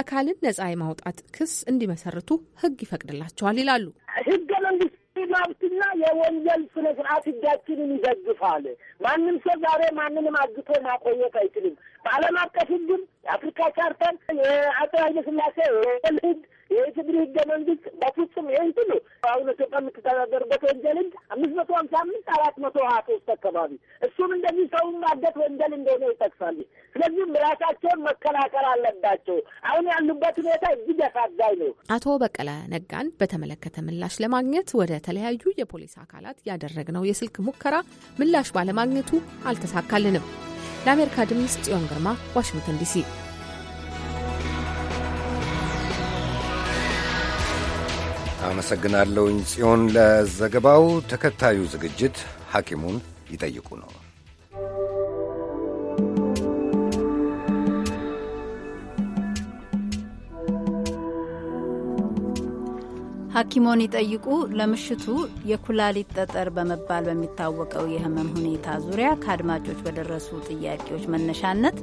አካልን ነጻ የማውጣት ክስ እንዲመሰርቱ ህግ ይፈቅድላቸዋል ይላሉ። ህገ መንግስት መብትና የወንጀል ስነ ስርዓት ህጋችንን ይደግፋል። ማንም ሰው ዛሬ ማንንም አግቶ ማቆየት አይችልም። በዓለም አቀፍ ሕግም የአፍሪካ ቻርተር የአቶ ኃይለ ሥላሴ የል ሕግ የኢትግሪ ሕገ መንግስት በፍጹም ይህን ትሉ አሁን ኢትዮጵያ የምትተዳደርበት ወንጀል ሕግ አምስት መቶ ሀምሳ አምስት አራት መቶ ሀያ ሶስት አካባቢ እሱም እንደዚህ ሰውን ማገት ወንጀል እንደሆነ ይጠቅሳል። ስለዚህም ራሳቸውን መከላከል አለባቸው። አሁን ያሉበት ሁኔታ እጅግ ያሳዛኝ ነው። አቶ በቀለ ነጋን በተመለከተ ምላሽ ለማግኘት ወደ ተለያዩ የፖሊስ አካላት ያደረግነው የስልክ ሙከራ ምላሽ ባለማግኘቱ አልተሳካልንም። ለአሜሪካ ድምፅ ጽዮን ግርማ ዋሽንግተን ዲሲ። አመሰግናለሁኝ ጽዮን ለዘገባው። ተከታዩ ዝግጅት ሐኪሙን ይጠይቁ ነው። ሐኪሞን ይጠይቁ ለምሽቱ የኩላሊት ጠጠር በመባል በሚታወቀው የህመም ሁኔታ ዙሪያ ከአድማጮች በደረሱ ጥያቄዎች መነሻነት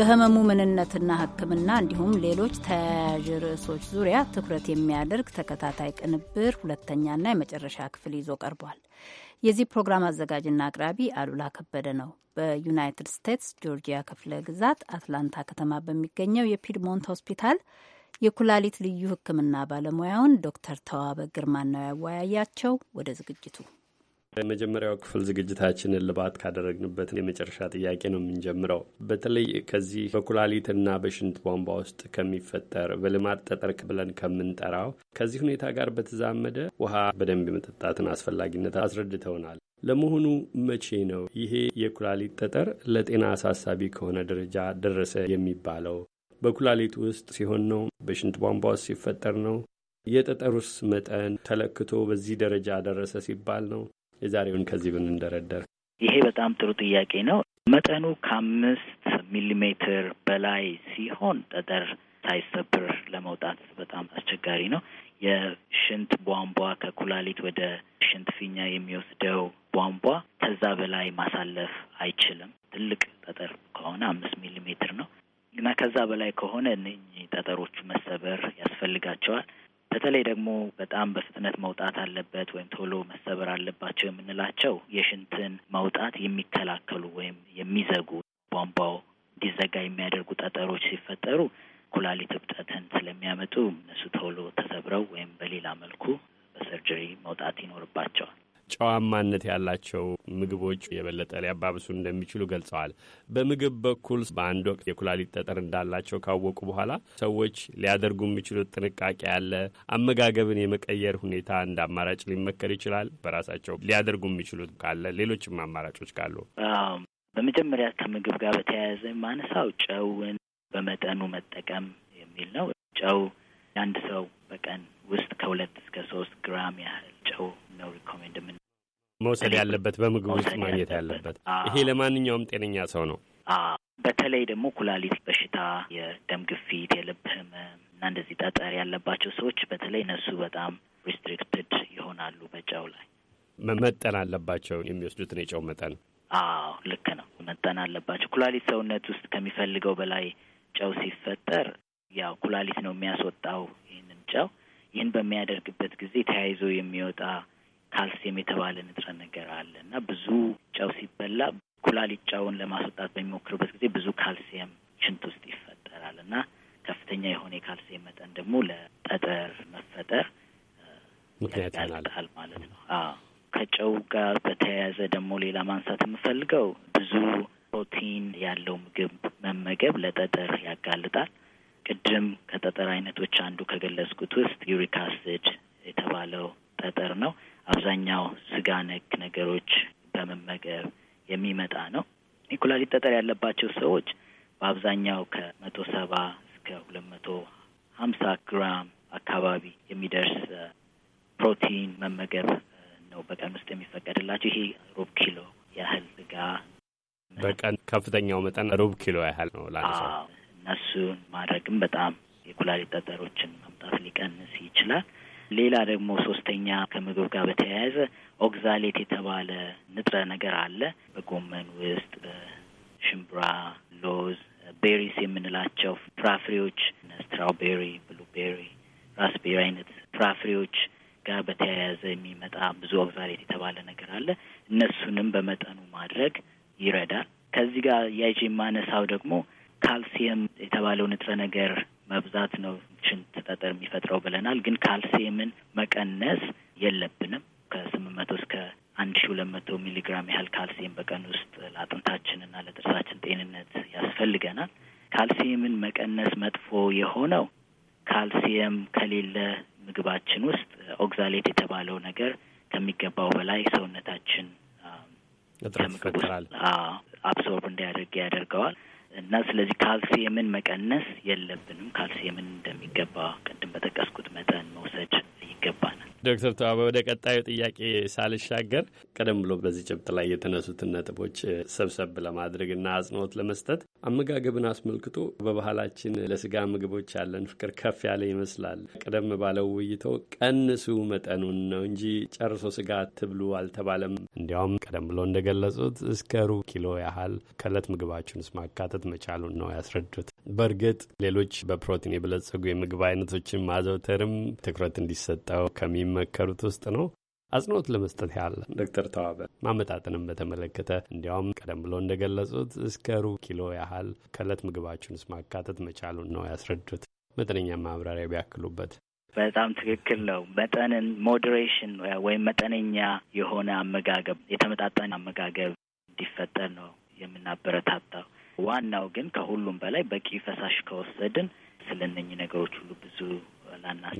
በህመሙ ምንነትና ሕክምና እንዲሁም ሌሎች ተያያዥ ርዕሶች ዙሪያ ትኩረት የሚያደርግ ተከታታይ ቅንብር ሁለተኛና የመጨረሻ ክፍል ይዞ ቀርቧል። የዚህ ፕሮግራም አዘጋጅና አቅራቢ አሉላ ከበደ ነው። በዩናይትድ ስቴትስ ጆርጂያ ክፍለ ግዛት አትላንታ ከተማ በሚገኘው የፒድሞንት ሆስፒታል የኩላሊት ልዩ ሕክምና ባለሙያውን ዶክተር ተዋበ ግርማን ነው ያወያያቸው። ወደ ዝግጅቱ የመጀመሪያው ክፍል ዝግጅታችንን ልባት ካደረግንበት የመጨረሻ ጥያቄ ነው የምንጀምረው። በተለይ ከዚህ በኩላሊትና በሽንት ቧንቧ ውስጥ ከሚፈጠር በልማድ ጠጠር ብለን ከምንጠራው ከዚህ ሁኔታ ጋር በተዛመደ ውሃ በደንብ የመጠጣትን አስፈላጊነት አስረድተውናል። ለመሆኑ መቼ ነው ይሄ የኩላሊት ጠጠር ለጤና አሳሳቢ ከሆነ ደረጃ ደረሰ የሚባለው? በኩላሊት ውስጥ ሲሆን ነው? በሽንት ቧንቧ ውስጥ ሲፈጠር ነው? የጠጠሩስ መጠን ተለክቶ በዚህ ደረጃ ደረሰ ሲባል ነው? የዛሬውን ከዚህ እንደረደር ይሄ በጣም ጥሩ ጥያቄ ነው። መጠኑ ከአምስት ሚሊሜትር በላይ ሲሆን ጠጠር ሳይሰብር ለመውጣት በጣም አስቸጋሪ ነው። የሽንት ቧንቧ ከኩላሊት ወደ ሽንት ፊኛ የሚወስደው ቧንቧ ከዛ በላይ ማሳለፍ አይችልም። ትልቅ ጠጠር ከሆነ አምስት ሚሊ ሜትር ነው። እና ከዛ በላይ ከሆነ እነኚህ ጠጠሮቹ መሰበር ያስፈልጋቸዋል። በተለይ ደግሞ በጣም በፍጥነት መውጣት አለበት ወይም ቶሎ መሰበር አለባቸው የምንላቸው የሽንትን መውጣት የሚከላከሉ ወይም የሚዘጉ ቧንቧው እንዲዘጋ የሚያደርጉ ጠጠሮች ሲፈጠሩ ኩላሊት እብጠትን ስለሚያመጡ እነሱ ቶሎ ተሰብረው ወይም በሌላ መልኩ በሰርጀሪ መውጣት ይኖርባቸዋል። ጨዋማነት ያላቸው ምግቦች የበለጠ ሊያባብሱ እንደሚችሉ ገልጸዋል። በምግብ በኩል በአንድ ወቅት የኩላሊት ጠጠር እንዳላቸው ካወቁ በኋላ ሰዎች ሊያደርጉ የሚችሉት ጥንቃቄ ያለ አመጋገብን የመቀየር ሁኔታ እንደ አማራጭ ሊመከር ይችላል። በራሳቸው ሊያደርጉ የሚችሉት ካለ ሌሎችም አማራጮች ካሉ በመጀመሪያ ከምግብ ጋር በተያያዘ ማነሳው ጨውን በመጠኑ መጠቀም የሚል ነው። ጨው የአንድ ሰው በቀን ውስጥ ከሁለት እስከ ሶስት ግራም ያህል ጨው ነው ሪኮሜንድ መውሰድ ያለበት በምግብ ውስጥ ማግኘት ያለበት ይሄ ለማንኛውም ጤነኛ ሰው ነው። በተለይ ደግሞ ኩላሊት በሽታ፣ የደም ግፊት፣ የልብ ህመም እና እንደዚህ ጠጠር ያለባቸው ሰዎች በተለይ እነሱ በጣም ሪስትሪክትድ ይሆናሉ በጨው ላይ መመጠን አለባቸው የሚወስዱትን የጨው መጠን። አዎ ልክ ነው፣ መጠን አለባቸው። ኩላሊት ሰውነት ውስጥ ከሚፈልገው በላይ ጨው ሲፈጠር ያው ኩላሊት ነው የሚያስወጣው ይህንን ጨው። ይህን በሚያደርግበት ጊዜ ተያይዞ የሚወጣ ካልሲየም የተባለ ንጥረ ነገር አለ እና ብዙ ጨው ሲበላ ኩላሊት ጨውን ለማስወጣት በሚሞክርበት ጊዜ ብዙ ካልሲየም ሽንት ውስጥ ይፈጠራል እና ከፍተኛ የሆነ የካልሲየም መጠን ደግሞ ለጠጠር መፈጠር ያጋልጣል ማለት ነው። ከጨው ጋር በተያያዘ ደግሞ ሌላ ማንሳት የምፈልገው ብዙ ፕሮቲን ያለው ምግብ መመገብ ለጠጠር ያጋልጣል። ቅድም ከጠጠር አይነቶች አንዱ ከገለጽኩት ውስጥ ዩሪክ አሲድ የተባለው ጠጠር ነው። አብዛኛው ስጋ ነክ ነገሮች በመመገብ የሚመጣ ነው። የኩላሊት ጠጠር ያለባቸው ሰዎች በአብዛኛው ከመቶ ሰባ እስከ ሁለት መቶ ሀምሳ ግራም አካባቢ የሚደርስ uh, ፕሮቲን መመገብ uh, ነው በቀን ውስጥ የሚፈቀድላቸው። ይሄ ሩብ ኪሎ ያህል ስጋ በቀን ከፍተኛው መጠን ሩብ ኪሎ ያህል ነው እነሱን ማድረግም በጣም የኩላሊት ጠጠሮችን መምጣት ሊቀንስ ይችላል። ሌላ ደግሞ ሶስተኛ ከምግብ ጋር በተያያዘ ኦግዛሌት የተባለ ንጥረ ነገር አለ በጎመን ውስጥ፣ በሽምብራ፣ ሎዝ፣ ቤሪስ የምንላቸው ፍራፍሬዎች ስትራውቤሪ፣ ብሉቤሪ፣ ራስቤሪ አይነት ፍራፍሬዎች ጋር በተያያዘ የሚመጣ ብዙ ኦግዛሌት የተባለ ነገር አለ። እነሱንም በመጠኑ ማድረግ ይረዳል። ከዚህ ጋር ያይዤ የማነሳው ደግሞ ካልሲየም የተባለው ንጥረ ነገር መብዛት ነው ሽንት ጠጠር የሚፈጥረው ብለናል። ግን ካልሲየምን መቀነስ የለብንም። ከስምንት መቶ እስከ አንድ ሺ ሁለት መቶ ሚሊግራም ያህል ካልሲየም በቀን ውስጥ ለአጥንታችንና ለጥርሳችን ጤንነት ያስፈልገናል። ካልሲየምን መቀነስ መጥፎ የሆነው ካልሲየም ከሌለ ምግባችን ውስጥ ኦግዛሌት የተባለው ነገር ከሚገባው በላይ ሰውነታችን ከምግብ ውስጥ አብሶርብ እንዲያደርግ ያደርገዋል። እና ስለዚህ ካልሲየምን መቀነስ የለብንም። ካልሲየምን እንደሚገባ ቅድም በጠቀስኩት መጠን መውሰድ ይገባል። ዶክተር ተዋበ ወደ ቀጣዩ ጥያቄ ሳልሻገር ቀደም ብሎ በዚህ ጭብጥ ላይ የተነሱትን ነጥቦች ሰብሰብ ለማድረግና አጽንኦት ለመስጠት አመጋገብን አስመልክቶ በባህላችን ለስጋ ምግቦች ያለን ፍቅር ከፍ ያለ ይመስላል። ቀደም ባለው ውይይቶ ቀንሱ መጠኑን ነው እንጂ ጨርሶ ስጋ ትብሉ አልተባለም። እንዲያውም ቀደም ብሎ እንደገለጹት እስከ ሩብ ኪሎ ያህል ከእለት ምግባችን ውስጥ ማካተት መቻሉን ነው ያስረዱት። በእርግጥ ሌሎች በፕሮቲን የበለጸጉ የምግብ አይነቶችን ማዘውተርም ትኩረት እንዲሰጠው ከሚ ከሚመከሩት ውስጥ ነው። አጽንኦት ለመስጠት ያለ ዶክተር ተዋበ ማመጣጠንም በተመለከተ እንዲያውም ቀደም ብሎ እንደገለጹት እስከ ሩብ ኪሎ ያህል ከእለት ምግባችሁን ማካተት መቻሉን ነው ያስረዱት። መጠነኛ ማብራሪያ ቢያክሉበት። በጣም ትክክል ነው። መጠንን ሞዴሬሽን ወይም መጠነኛ የሆነ አመጋገብ የተመጣጠነ አመጋገብ እንዲፈጠር ነው የምናበረታታው። ዋናው ግን ከሁሉም በላይ በቂ ፈሳሽ ከወሰድን ስለነኝ ነገሮች ሁሉ ብዙ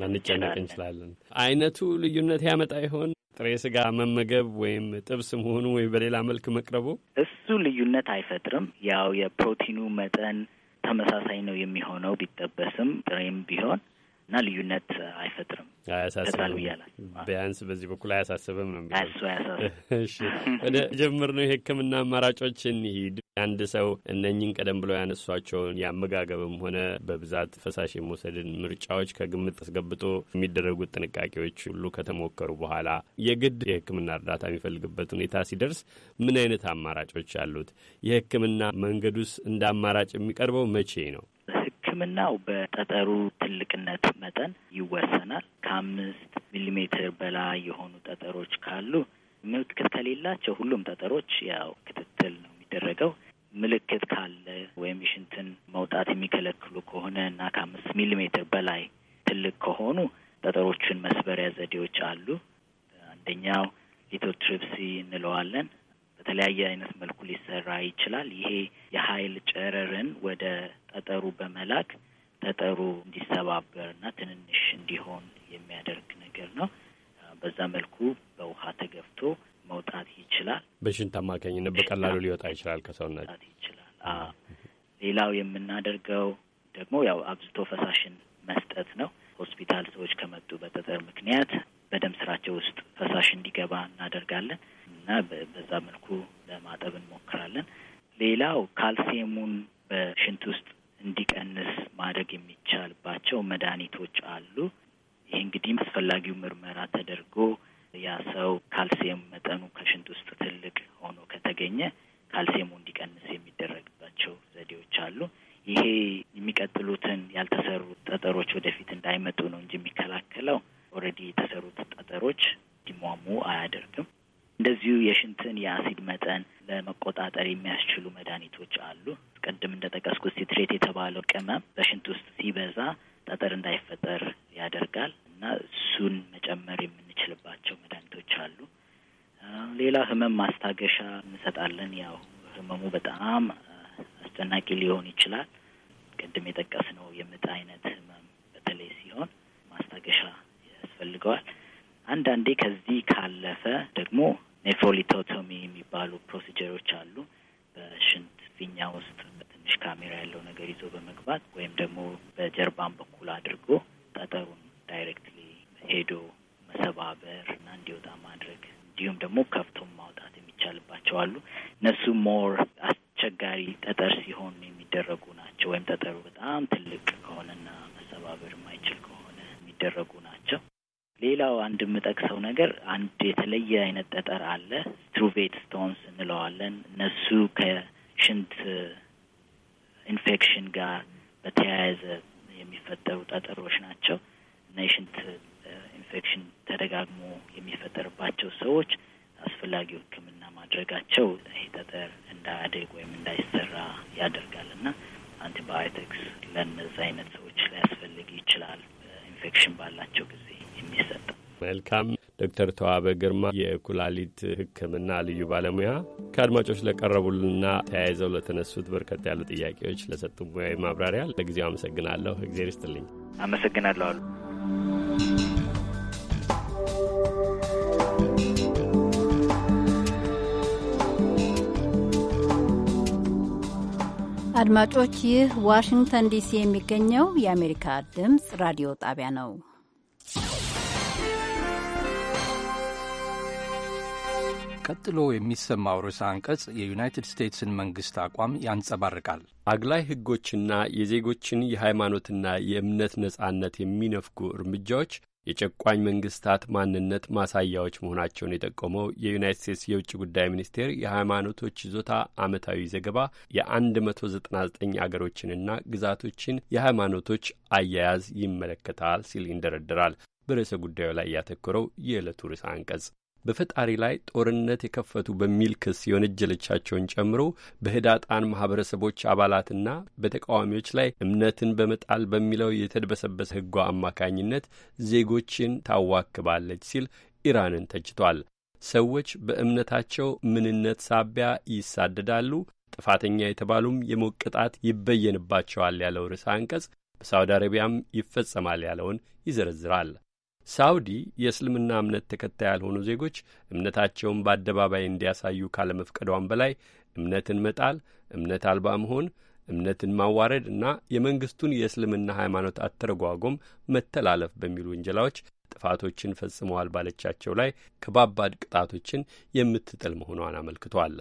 ላናስጨንቅ እንችላለን። አይነቱ ልዩነት ያመጣ ይሆን? ጥሬ ስጋ መመገብ ወይም ጥብስ መሆኑ ወይ በሌላ መልክ መቅረቡ እሱ ልዩነት አይፈጥርም። ያው የፕሮቲኑ መጠን ተመሳሳይ ነው የሚሆነው ቢጠበስም ጥሬም ቢሆን እና ልዩነት አይፈጥርም ያሳስባል ብያለሁ። ቢያንስ በዚህ በኩል አያሳስብም ነው እሱ አያሳስብም። ወደ ጀምር ነው የህክምና አማራጮች እንሂድ። አንድ ሰው እነኝን ቀደም ብለው ያነሷቸውን የአመጋገብም ሆነ በብዛት ፈሳሽ የመውሰድን ምርጫዎች ከግምት አስገብቶ የሚደረጉት ጥንቃቄዎች ሁሉ ከተሞከሩ በኋላ የግድ የህክምና እርዳታ የሚፈልግበት ሁኔታ ሲደርስ ምን አይነት አማራጮች አሉት? የህክምና መንገዱስ እንደ አማራጭ የሚቀርበው መቼ ነው? ህክምናው በጠጠሩ ትልቅነት መጠን ይወሰናል። ከአምስት ሚሊሜትር በላይ የሆኑ ጠጠሮች ካሉ ምልክት ከሌላቸው ሁሉም ጠጠሮች ያው ክትትል ነው የሚደረገው። ምልክት ካለ ወይም ሽንትን መውጣት የሚከለክሉ ከሆነ እና ከአምስት ሚሊሜትር በላይ ትልቅ ከሆኑ ጠጠሮቹን መስበሪያ ዘዴዎች አሉ። አንደኛው ሊቶትሪፕሲ እንለዋለን። በተለያየ አይነት መልኩ ሊሰራ ይችላል። ይሄ የሀይል ጨረርን ወደ ጠጠሩ በመላክ ጠጠሩ እንዲሰባበር እና ትንንሽ እንዲሆን የሚያደርግ ነገር ነው። በዛ መልኩ በውሃ ተገፍቶ መውጣት ይችላል። በሽንት አማካኝነት በቀላሉ ሊወጣ ይችላል ከሰውነት ይችላል። ሌላው የምናደርገው ደግሞ ያው አብዝቶ ፈሳሽን መስጠት ነው። ሆስፒታል ሰዎች ከመጡ በጠጠር ምክንያት በደም ስራቸው ውስጥ ፈሳሽ እንዲገባ እናደርጋለን። እና በዛ መልኩ ለማጠብ እንሞክራለን። ሌላው ካልሲየሙን በሽንት ውስጥ እንዲቀንስ ማድረግ የሚቻልባቸው መድኃኒቶች አሉ። ይህ እንግዲህ አስፈላጊው ምርመራ ተደርጎ ያ ሰው ካልሲየም መጠኑ ከሽንት ውስጥ ትልቅ ሆኖ ከተገኘ ካልሲየሙ እንዲቀንስ የሚደረግባቸው ዘዴዎች አሉ። ይሄ የሚቀጥሉትን ያልተሰሩ ጠጠሮች ወደፊት እንዳይመጡ ነው እንጂ የሚከላከለው ኦልሬዲ የተሰሩት ጠጠሮች እንዲሟሙ አያደርግም። እንደዚሁ የሽንትን የአሲድ መጠን ለመቆጣጠር የሚያስችሉ መድኃኒቶች አሉ። ቅድም እንደጠቀስኩት ሲትሬት የተባለው ቅመም በሽንት ውስጥ ሲበዛ ጠጠር እንዳይፈጠር ያደርጋል እና እሱን መጨመር የምንችልባቸው መድኃኒቶች አሉ። ሌላ ህመም ማስታገሻ እንሰጣለን። ያው ህመሙ በጣም አስጨናቂ ሊሆን ይችላል። ቅድም የጠቀስነው የምጥ አይነት ህመም በተለይ ሲሆን ማስታገሻ ያስፈልገዋል። አንዳንዴ ከዚህ ካለፈ ደግሞ ኔፎሊቶቶሚ የሚባሉ ፕሮሲጀሮች አሉ። በሽንት ፊኛ ውስጥ በትንሽ ካሜራ ያለው ነገር ይዞ በመግባት ወይም ደግሞ በጀርባን በኩል አድርጎ ጠጠሩን ዳይሬክትሊ ሄዶ መሰባበር እና እንዲወጣ ማድረግ እንዲሁም ደግሞ ከፍቶም ማውጣት የሚቻልባቸው አሉ። እነሱ ሞር አስቸጋሪ ጠጠር ሲሆን የሚደረጉ ናቸው። ወይም ጠጠሩ በጣም ትልቅ ከሆነና መሰባበር የማይችል ከሆነ የሚደረጉ ናቸው። ሌላው አንድ የምጠቅሰው ነገር አንድ የተለየ አይነት ጠጠር አለ፣ ትሩቬት ስቶንስ እንለዋለን። እነሱ ከሽንት ኢንፌክሽን ጋር በተያያዘ የሚፈጠሩ ጠጠሮች ናቸው እና የሽንት ኢንፌክሽን ተደጋግሞ የሚፈጠርባቸው ሰዎች አስፈላጊው ሕክምና ማድረጋቸው ይህ ጠጠር እንዳያደግ ወይም እንዳይሰራ ያደርጋል እና አንቲባዮቲክስ ለእነዚህ አይነት ሰዎች ሊያስፈልግ ይችላል ኢንፌክሽን ባላቸው ጊዜ የሚሰጠው። መልካም ዶክተር ተዋበ ግርማ የኩላሊት ሕክምና ልዩ ባለሙያ ከአድማጮች ለቀረቡልና ተያይዘው ለተነሱት በርከት ያሉ ጥያቄዎች ለሰጡ ሙያዊ ማብራሪያ ለጊዜው አመሰግናለሁ። እግዜር ይስጥልኝ። አመሰግናለሁ አሉ አድማጮች፣ ይህ ዋሽንግተን ዲሲ የሚገኘው የአሜሪካ ድምፅ ራዲዮ ጣቢያ ነው። ቀጥሎ የሚሰማው ርዕሰ አንቀጽ የዩናይትድ ስቴትስን መንግሥት አቋም ያንጸባርቃል። አግላይ ሕጎችና የዜጎችን የሃይማኖትና የእምነት ነጻነት የሚነፍጉ እርምጃዎች የጨቋኝ መንግስታት ማንነት ማሳያዎች መሆናቸውን የጠቆመው የዩናይት ስቴትስ የውጭ ጉዳይ ሚኒስቴር የሃይማኖቶች ይዞታ ዓመታዊ ዘገባ የ199 አገሮችንና ግዛቶችን የሃይማኖቶች አያያዝ ይመለከታል ሲል ይንደረደራል። በርዕሰ ጉዳዩ ላይ ያተኮረው የዕለቱ ርዕሰ አንቀጽ በፈጣሪ ላይ ጦርነት የከፈቱ በሚል ክስ የወነጀለቻቸውን ጨምሮ በህዳጣን ማህበረሰቦች አባላትና በተቃዋሚዎች ላይ እምነትን በመጣል በሚለው የተድበሰበሰ ህጓ አማካኝነት ዜጎችን ታዋክባለች ሲል ኢራንን ተችቷል። ሰዎች በእምነታቸው ምንነት ሳቢያ ይሳደዳሉ፣ ጥፋተኛ የተባሉም የሞት ቅጣት ይበየንባቸዋል ያለው ርዕሰ አንቀጽ በሳውዲ አረቢያም ይፈጸማል ያለውን ይዘረዝራል። ሳውዲ የእስልምና እምነት ተከታይ ያልሆኑ ዜጎች እምነታቸውን በአደባባይ እንዲያሳዩ ካለመፍቀዷን በላይ እምነትን መጣል፣ እምነት አልባ መሆን፣ እምነትን ማዋረድ እና የመንግስቱን የእስልምና ሃይማኖት አተረጓጎም መተላለፍ በሚሉ ውንጀላዎች ጥፋቶችን ፈጽመዋል ባለቻቸው ላይ ከባባድ ቅጣቶችን የምትጥል መሆኗን አመልክቷል።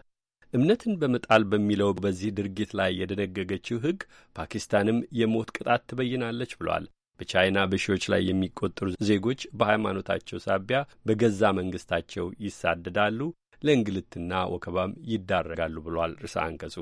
እምነትን በመጣል በሚለው በዚህ ድርጊት ላይ የደነገገችው ሕግ ፓኪስታንም የሞት ቅጣት ትበይናለች ብሏል። በቻይና በሺዎች ላይ የሚቆጠሩ ዜጎች በሃይማኖታቸው ሳቢያ በገዛ መንግስታቸው ይሳደዳሉ፣ ለእንግልትና ወከባም ይዳረጋሉ ብሏል ርዕሰ አንቀጹ።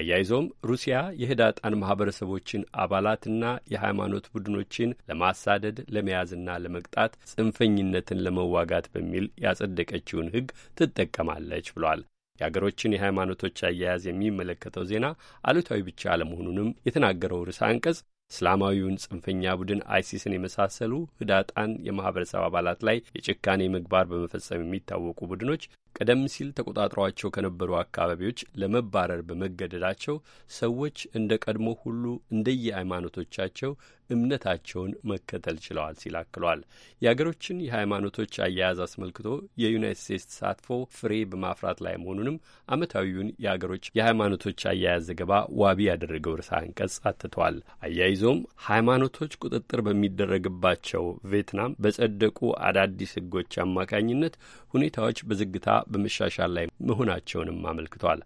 አያይዞም ሩሲያ የህዳጣን ማኅበረሰቦችን አባላትና የሃይማኖት ቡድኖችን ለማሳደድ ለመያዝና ለመቅጣት ጽንፈኝነትን ለመዋጋት በሚል ያጸደቀችውን ሕግ ትጠቀማለች ብሏል። የአገሮችን የሃይማኖቶች አያያዝ የሚመለከተው ዜና አሉታዊ ብቻ አለመሆኑንም የተናገረው ርዕሰ አንቀጽ እስላማዊውን ጽንፈኛ ቡድን አይሲስን የመሳሰሉ ህዳጣን የማህበረሰብ አባላት ላይ የጭካኔ ምግባር በመፈጸም የሚታወቁ ቡድኖች ቀደም ሲል ተቆጣጥሯቸው ከነበሩ አካባቢዎች ለመባረር በመገደዳቸው ሰዎች እንደ ቀድሞ ሁሉ እንደየ ሃይማኖቶቻቸው እምነታቸውን መከተል ችለዋል ሲል አክሏል። የአገሮችን የሃይማኖቶች አያያዝ አስመልክቶ የዩናይት ስቴትስ ተሳትፎ ፍሬ በማፍራት ላይ መሆኑንም አመታዊውን የአገሮች የሃይማኖቶች አያያዝ ዘገባ ዋቢ ያደረገው ርዕሰ አንቀጽ አትቷል። አያይዞ አያይዞም ሃይማኖቶች ቁጥጥር በሚደረግባቸው ቪየትናም በጸደቁ አዳዲስ ህጎች አማካኝነት ሁኔታዎች በዝግታ በመሻሻል ላይ መሆናቸውንም አመልክቷል።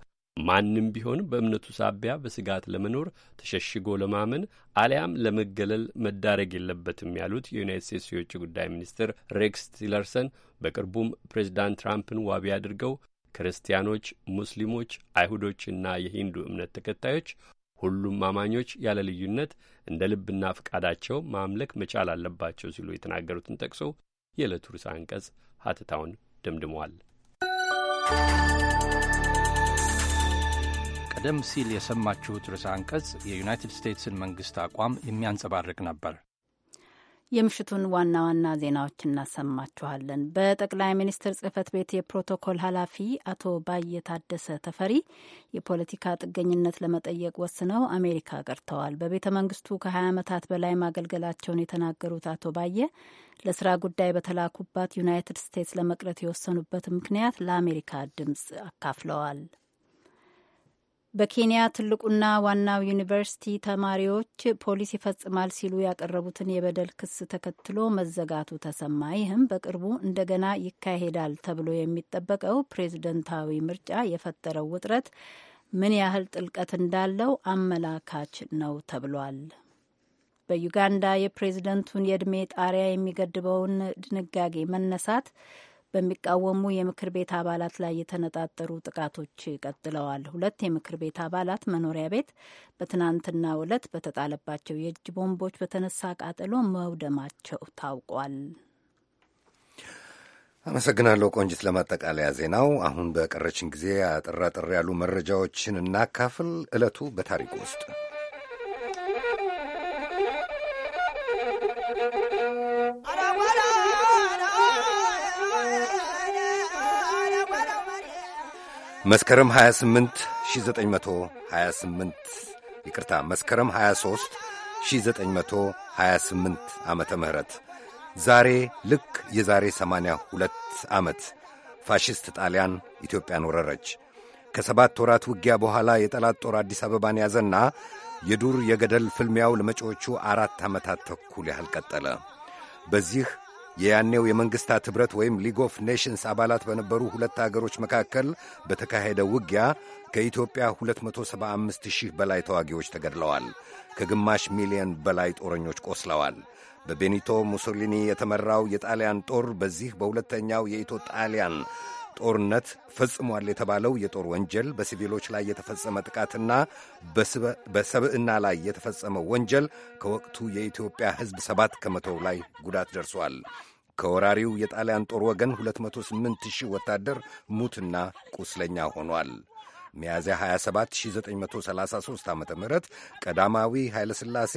ማንም ቢሆን በእምነቱ ሳቢያ በስጋት ለመኖር ተሸሽጎ ለማመን አሊያም ለመገለል መዳረግ የለበትም ያሉት የዩናይት ስቴትስ የውጭ ጉዳይ ሚኒስትር ሬክስ ቲለርሰን በቅርቡም ፕሬዚዳንት ትራምፕን ዋቢ አድርገው ክርስቲያኖች፣ ሙስሊሞች፣ አይሁዶችና የሂንዱ እምነት ተከታዮች ሁሉም አማኞች ያለ ልዩነት እንደ ልብና ፈቃዳቸው ማምለክ መቻል አለባቸው ሲሉ የተናገሩትን ጠቅሶ የዕለቱ ርዕሰ አንቀጽ ሀተታውን ደምድመዋል። ቀደም ሲል የሰማችሁት ርዕሰ አንቀጽ የዩናይትድ ስቴትስን መንግሥት አቋም የሚያንጸባርቅ ነበር። የምሽቱን ዋና ዋና ዜናዎች እናሰማችኋለን። በጠቅላይ ሚኒስትር ጽህፈት ቤት የፕሮቶኮል ኃላፊ አቶ ባየ ታደሰ ተፈሪ የፖለቲካ ጥገኝነት ለመጠየቅ ወስነው አሜሪካ ቀርተዋል። በቤተ መንግስቱ ከ20 ዓመታት በላይ ማገልገላቸውን የተናገሩት አቶ ባየ ለስራ ጉዳይ በተላኩባት ዩናይትድ ስቴትስ ለመቅረት የወሰኑበት ምክንያት ለአሜሪካ ድምፅ አካፍለዋል። በኬንያ ትልቁና ዋናው ዩኒቨርሲቲ ተማሪዎች ፖሊስ ይፈጽማል ሲሉ ያቀረቡትን የበደል ክስ ተከትሎ መዘጋቱ ተሰማ። ይህም በቅርቡ እንደገና ይካሄዳል ተብሎ የሚጠበቀው ፕሬዝደንታዊ ምርጫ የፈጠረው ውጥረት ምን ያህል ጥልቀት እንዳለው አመላካች ነው ተብሏል። በዩጋንዳ የፕሬዝደንቱን የዕድሜ ጣሪያ የሚገድበውን ድንጋጌ መነሳት በሚቃወሙ የምክር ቤት አባላት ላይ የተነጣጠሩ ጥቃቶች ቀጥለዋል። ሁለት የምክር ቤት አባላት መኖሪያ ቤት በትናንትናው ዕለት በተጣለባቸው የእጅ ቦምቦች በተነሳ ቃጠሎ መውደማቸው ታውቋል። አመሰግናለሁ ቆንጅት ለማጠቃለያ ዜናው አሁን በቀረችን ጊዜ አጠር አጠር ያሉ መረጃዎችን እናካፍል። ዕለቱ በታሪክ ውስጥ መስከረም 28 1928 ይቅርታ፣ መስከረም 23 1928 ዓመተ ምህረት ዛሬ ልክ የዛሬ 82 ዓመት ፋሽስት ጣሊያን ኢትዮጵያን ወረረች። ከሰባት ወራት ውጊያ በኋላ የጠላት ጦር አዲስ አበባን ያዘና የዱር የገደል ፍልሚያው ለመጪዎቹ አራት ዓመታት ተኩል ያህል ቀጠለ። በዚህ የያኔው የመንግሥታት ኅብረት ወይም ሊግ ኦፍ ኔሽንስ አባላት በነበሩ ሁለት አገሮች መካከል በተካሄደ ውጊያ ከኢትዮጵያ 275 ሺህ በላይ ተዋጊዎች ተገድለዋል። ከግማሽ ሚሊዮን በላይ ጦረኞች ቆስለዋል። በቤኒቶ ሙሶሊኒ የተመራው የጣሊያን ጦር በዚህ በሁለተኛው የኢትዮ ጣሊያን ጦርነት ፈጽሟል የተባለው የጦር ወንጀል በሲቪሎች ላይ የተፈጸመ ጥቃትና በሰብዕና ላይ የተፈጸመ ወንጀል ከወቅቱ የኢትዮጵያ ሕዝብ ሰባት ከመቶ ላይ ጉዳት ደርሷል። ከወራሪው የጣሊያን ጦር ወገን 208 ሺህ ወታደር ሙትና ቁስለኛ ሆኗል። ሚያዝያ 27 1933 ዓ ም ቀዳማዊ ኃይለ ሥላሴ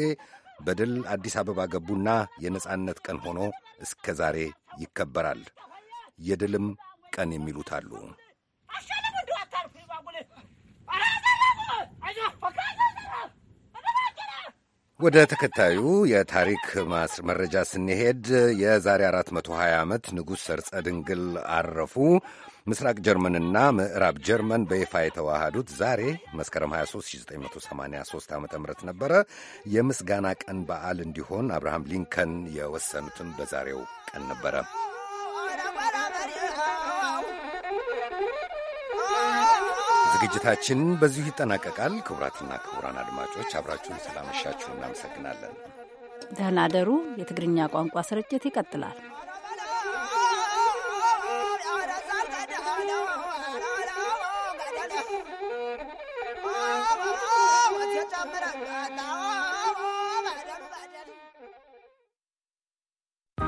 በድል አዲስ አበባ ገቡና የነጻነት ቀን ሆኖ እስከ ዛሬ ይከበራል። የድልም ቀን የሚሉት አሉ። ወደ ተከታዩ የታሪክ መረጃ ስንሄድ የዛሬ 420 ዓመት ንጉሥ ሰርጸ ድንግል አረፉ። ምስራቅ ጀርመንና ምዕራብ ጀርመን በይፋ የተዋሃዱት ዛሬ መስከረም 23 1983 ዓ ም ነበረ። የምስጋና ቀን በዓል እንዲሆን አብርሃም ሊንከን የወሰኑትም በዛሬው ቀን ነበረ። ዝግጅታችን በዚሁ ይጠናቀቃል። ክቡራትና ክቡራን አድማጮች አብራችሁን ስላመሻችሁ እናመሰግናለን። ደህና ደሩ የትግርኛ ቋንቋ ስርጭት ይቀጥላል።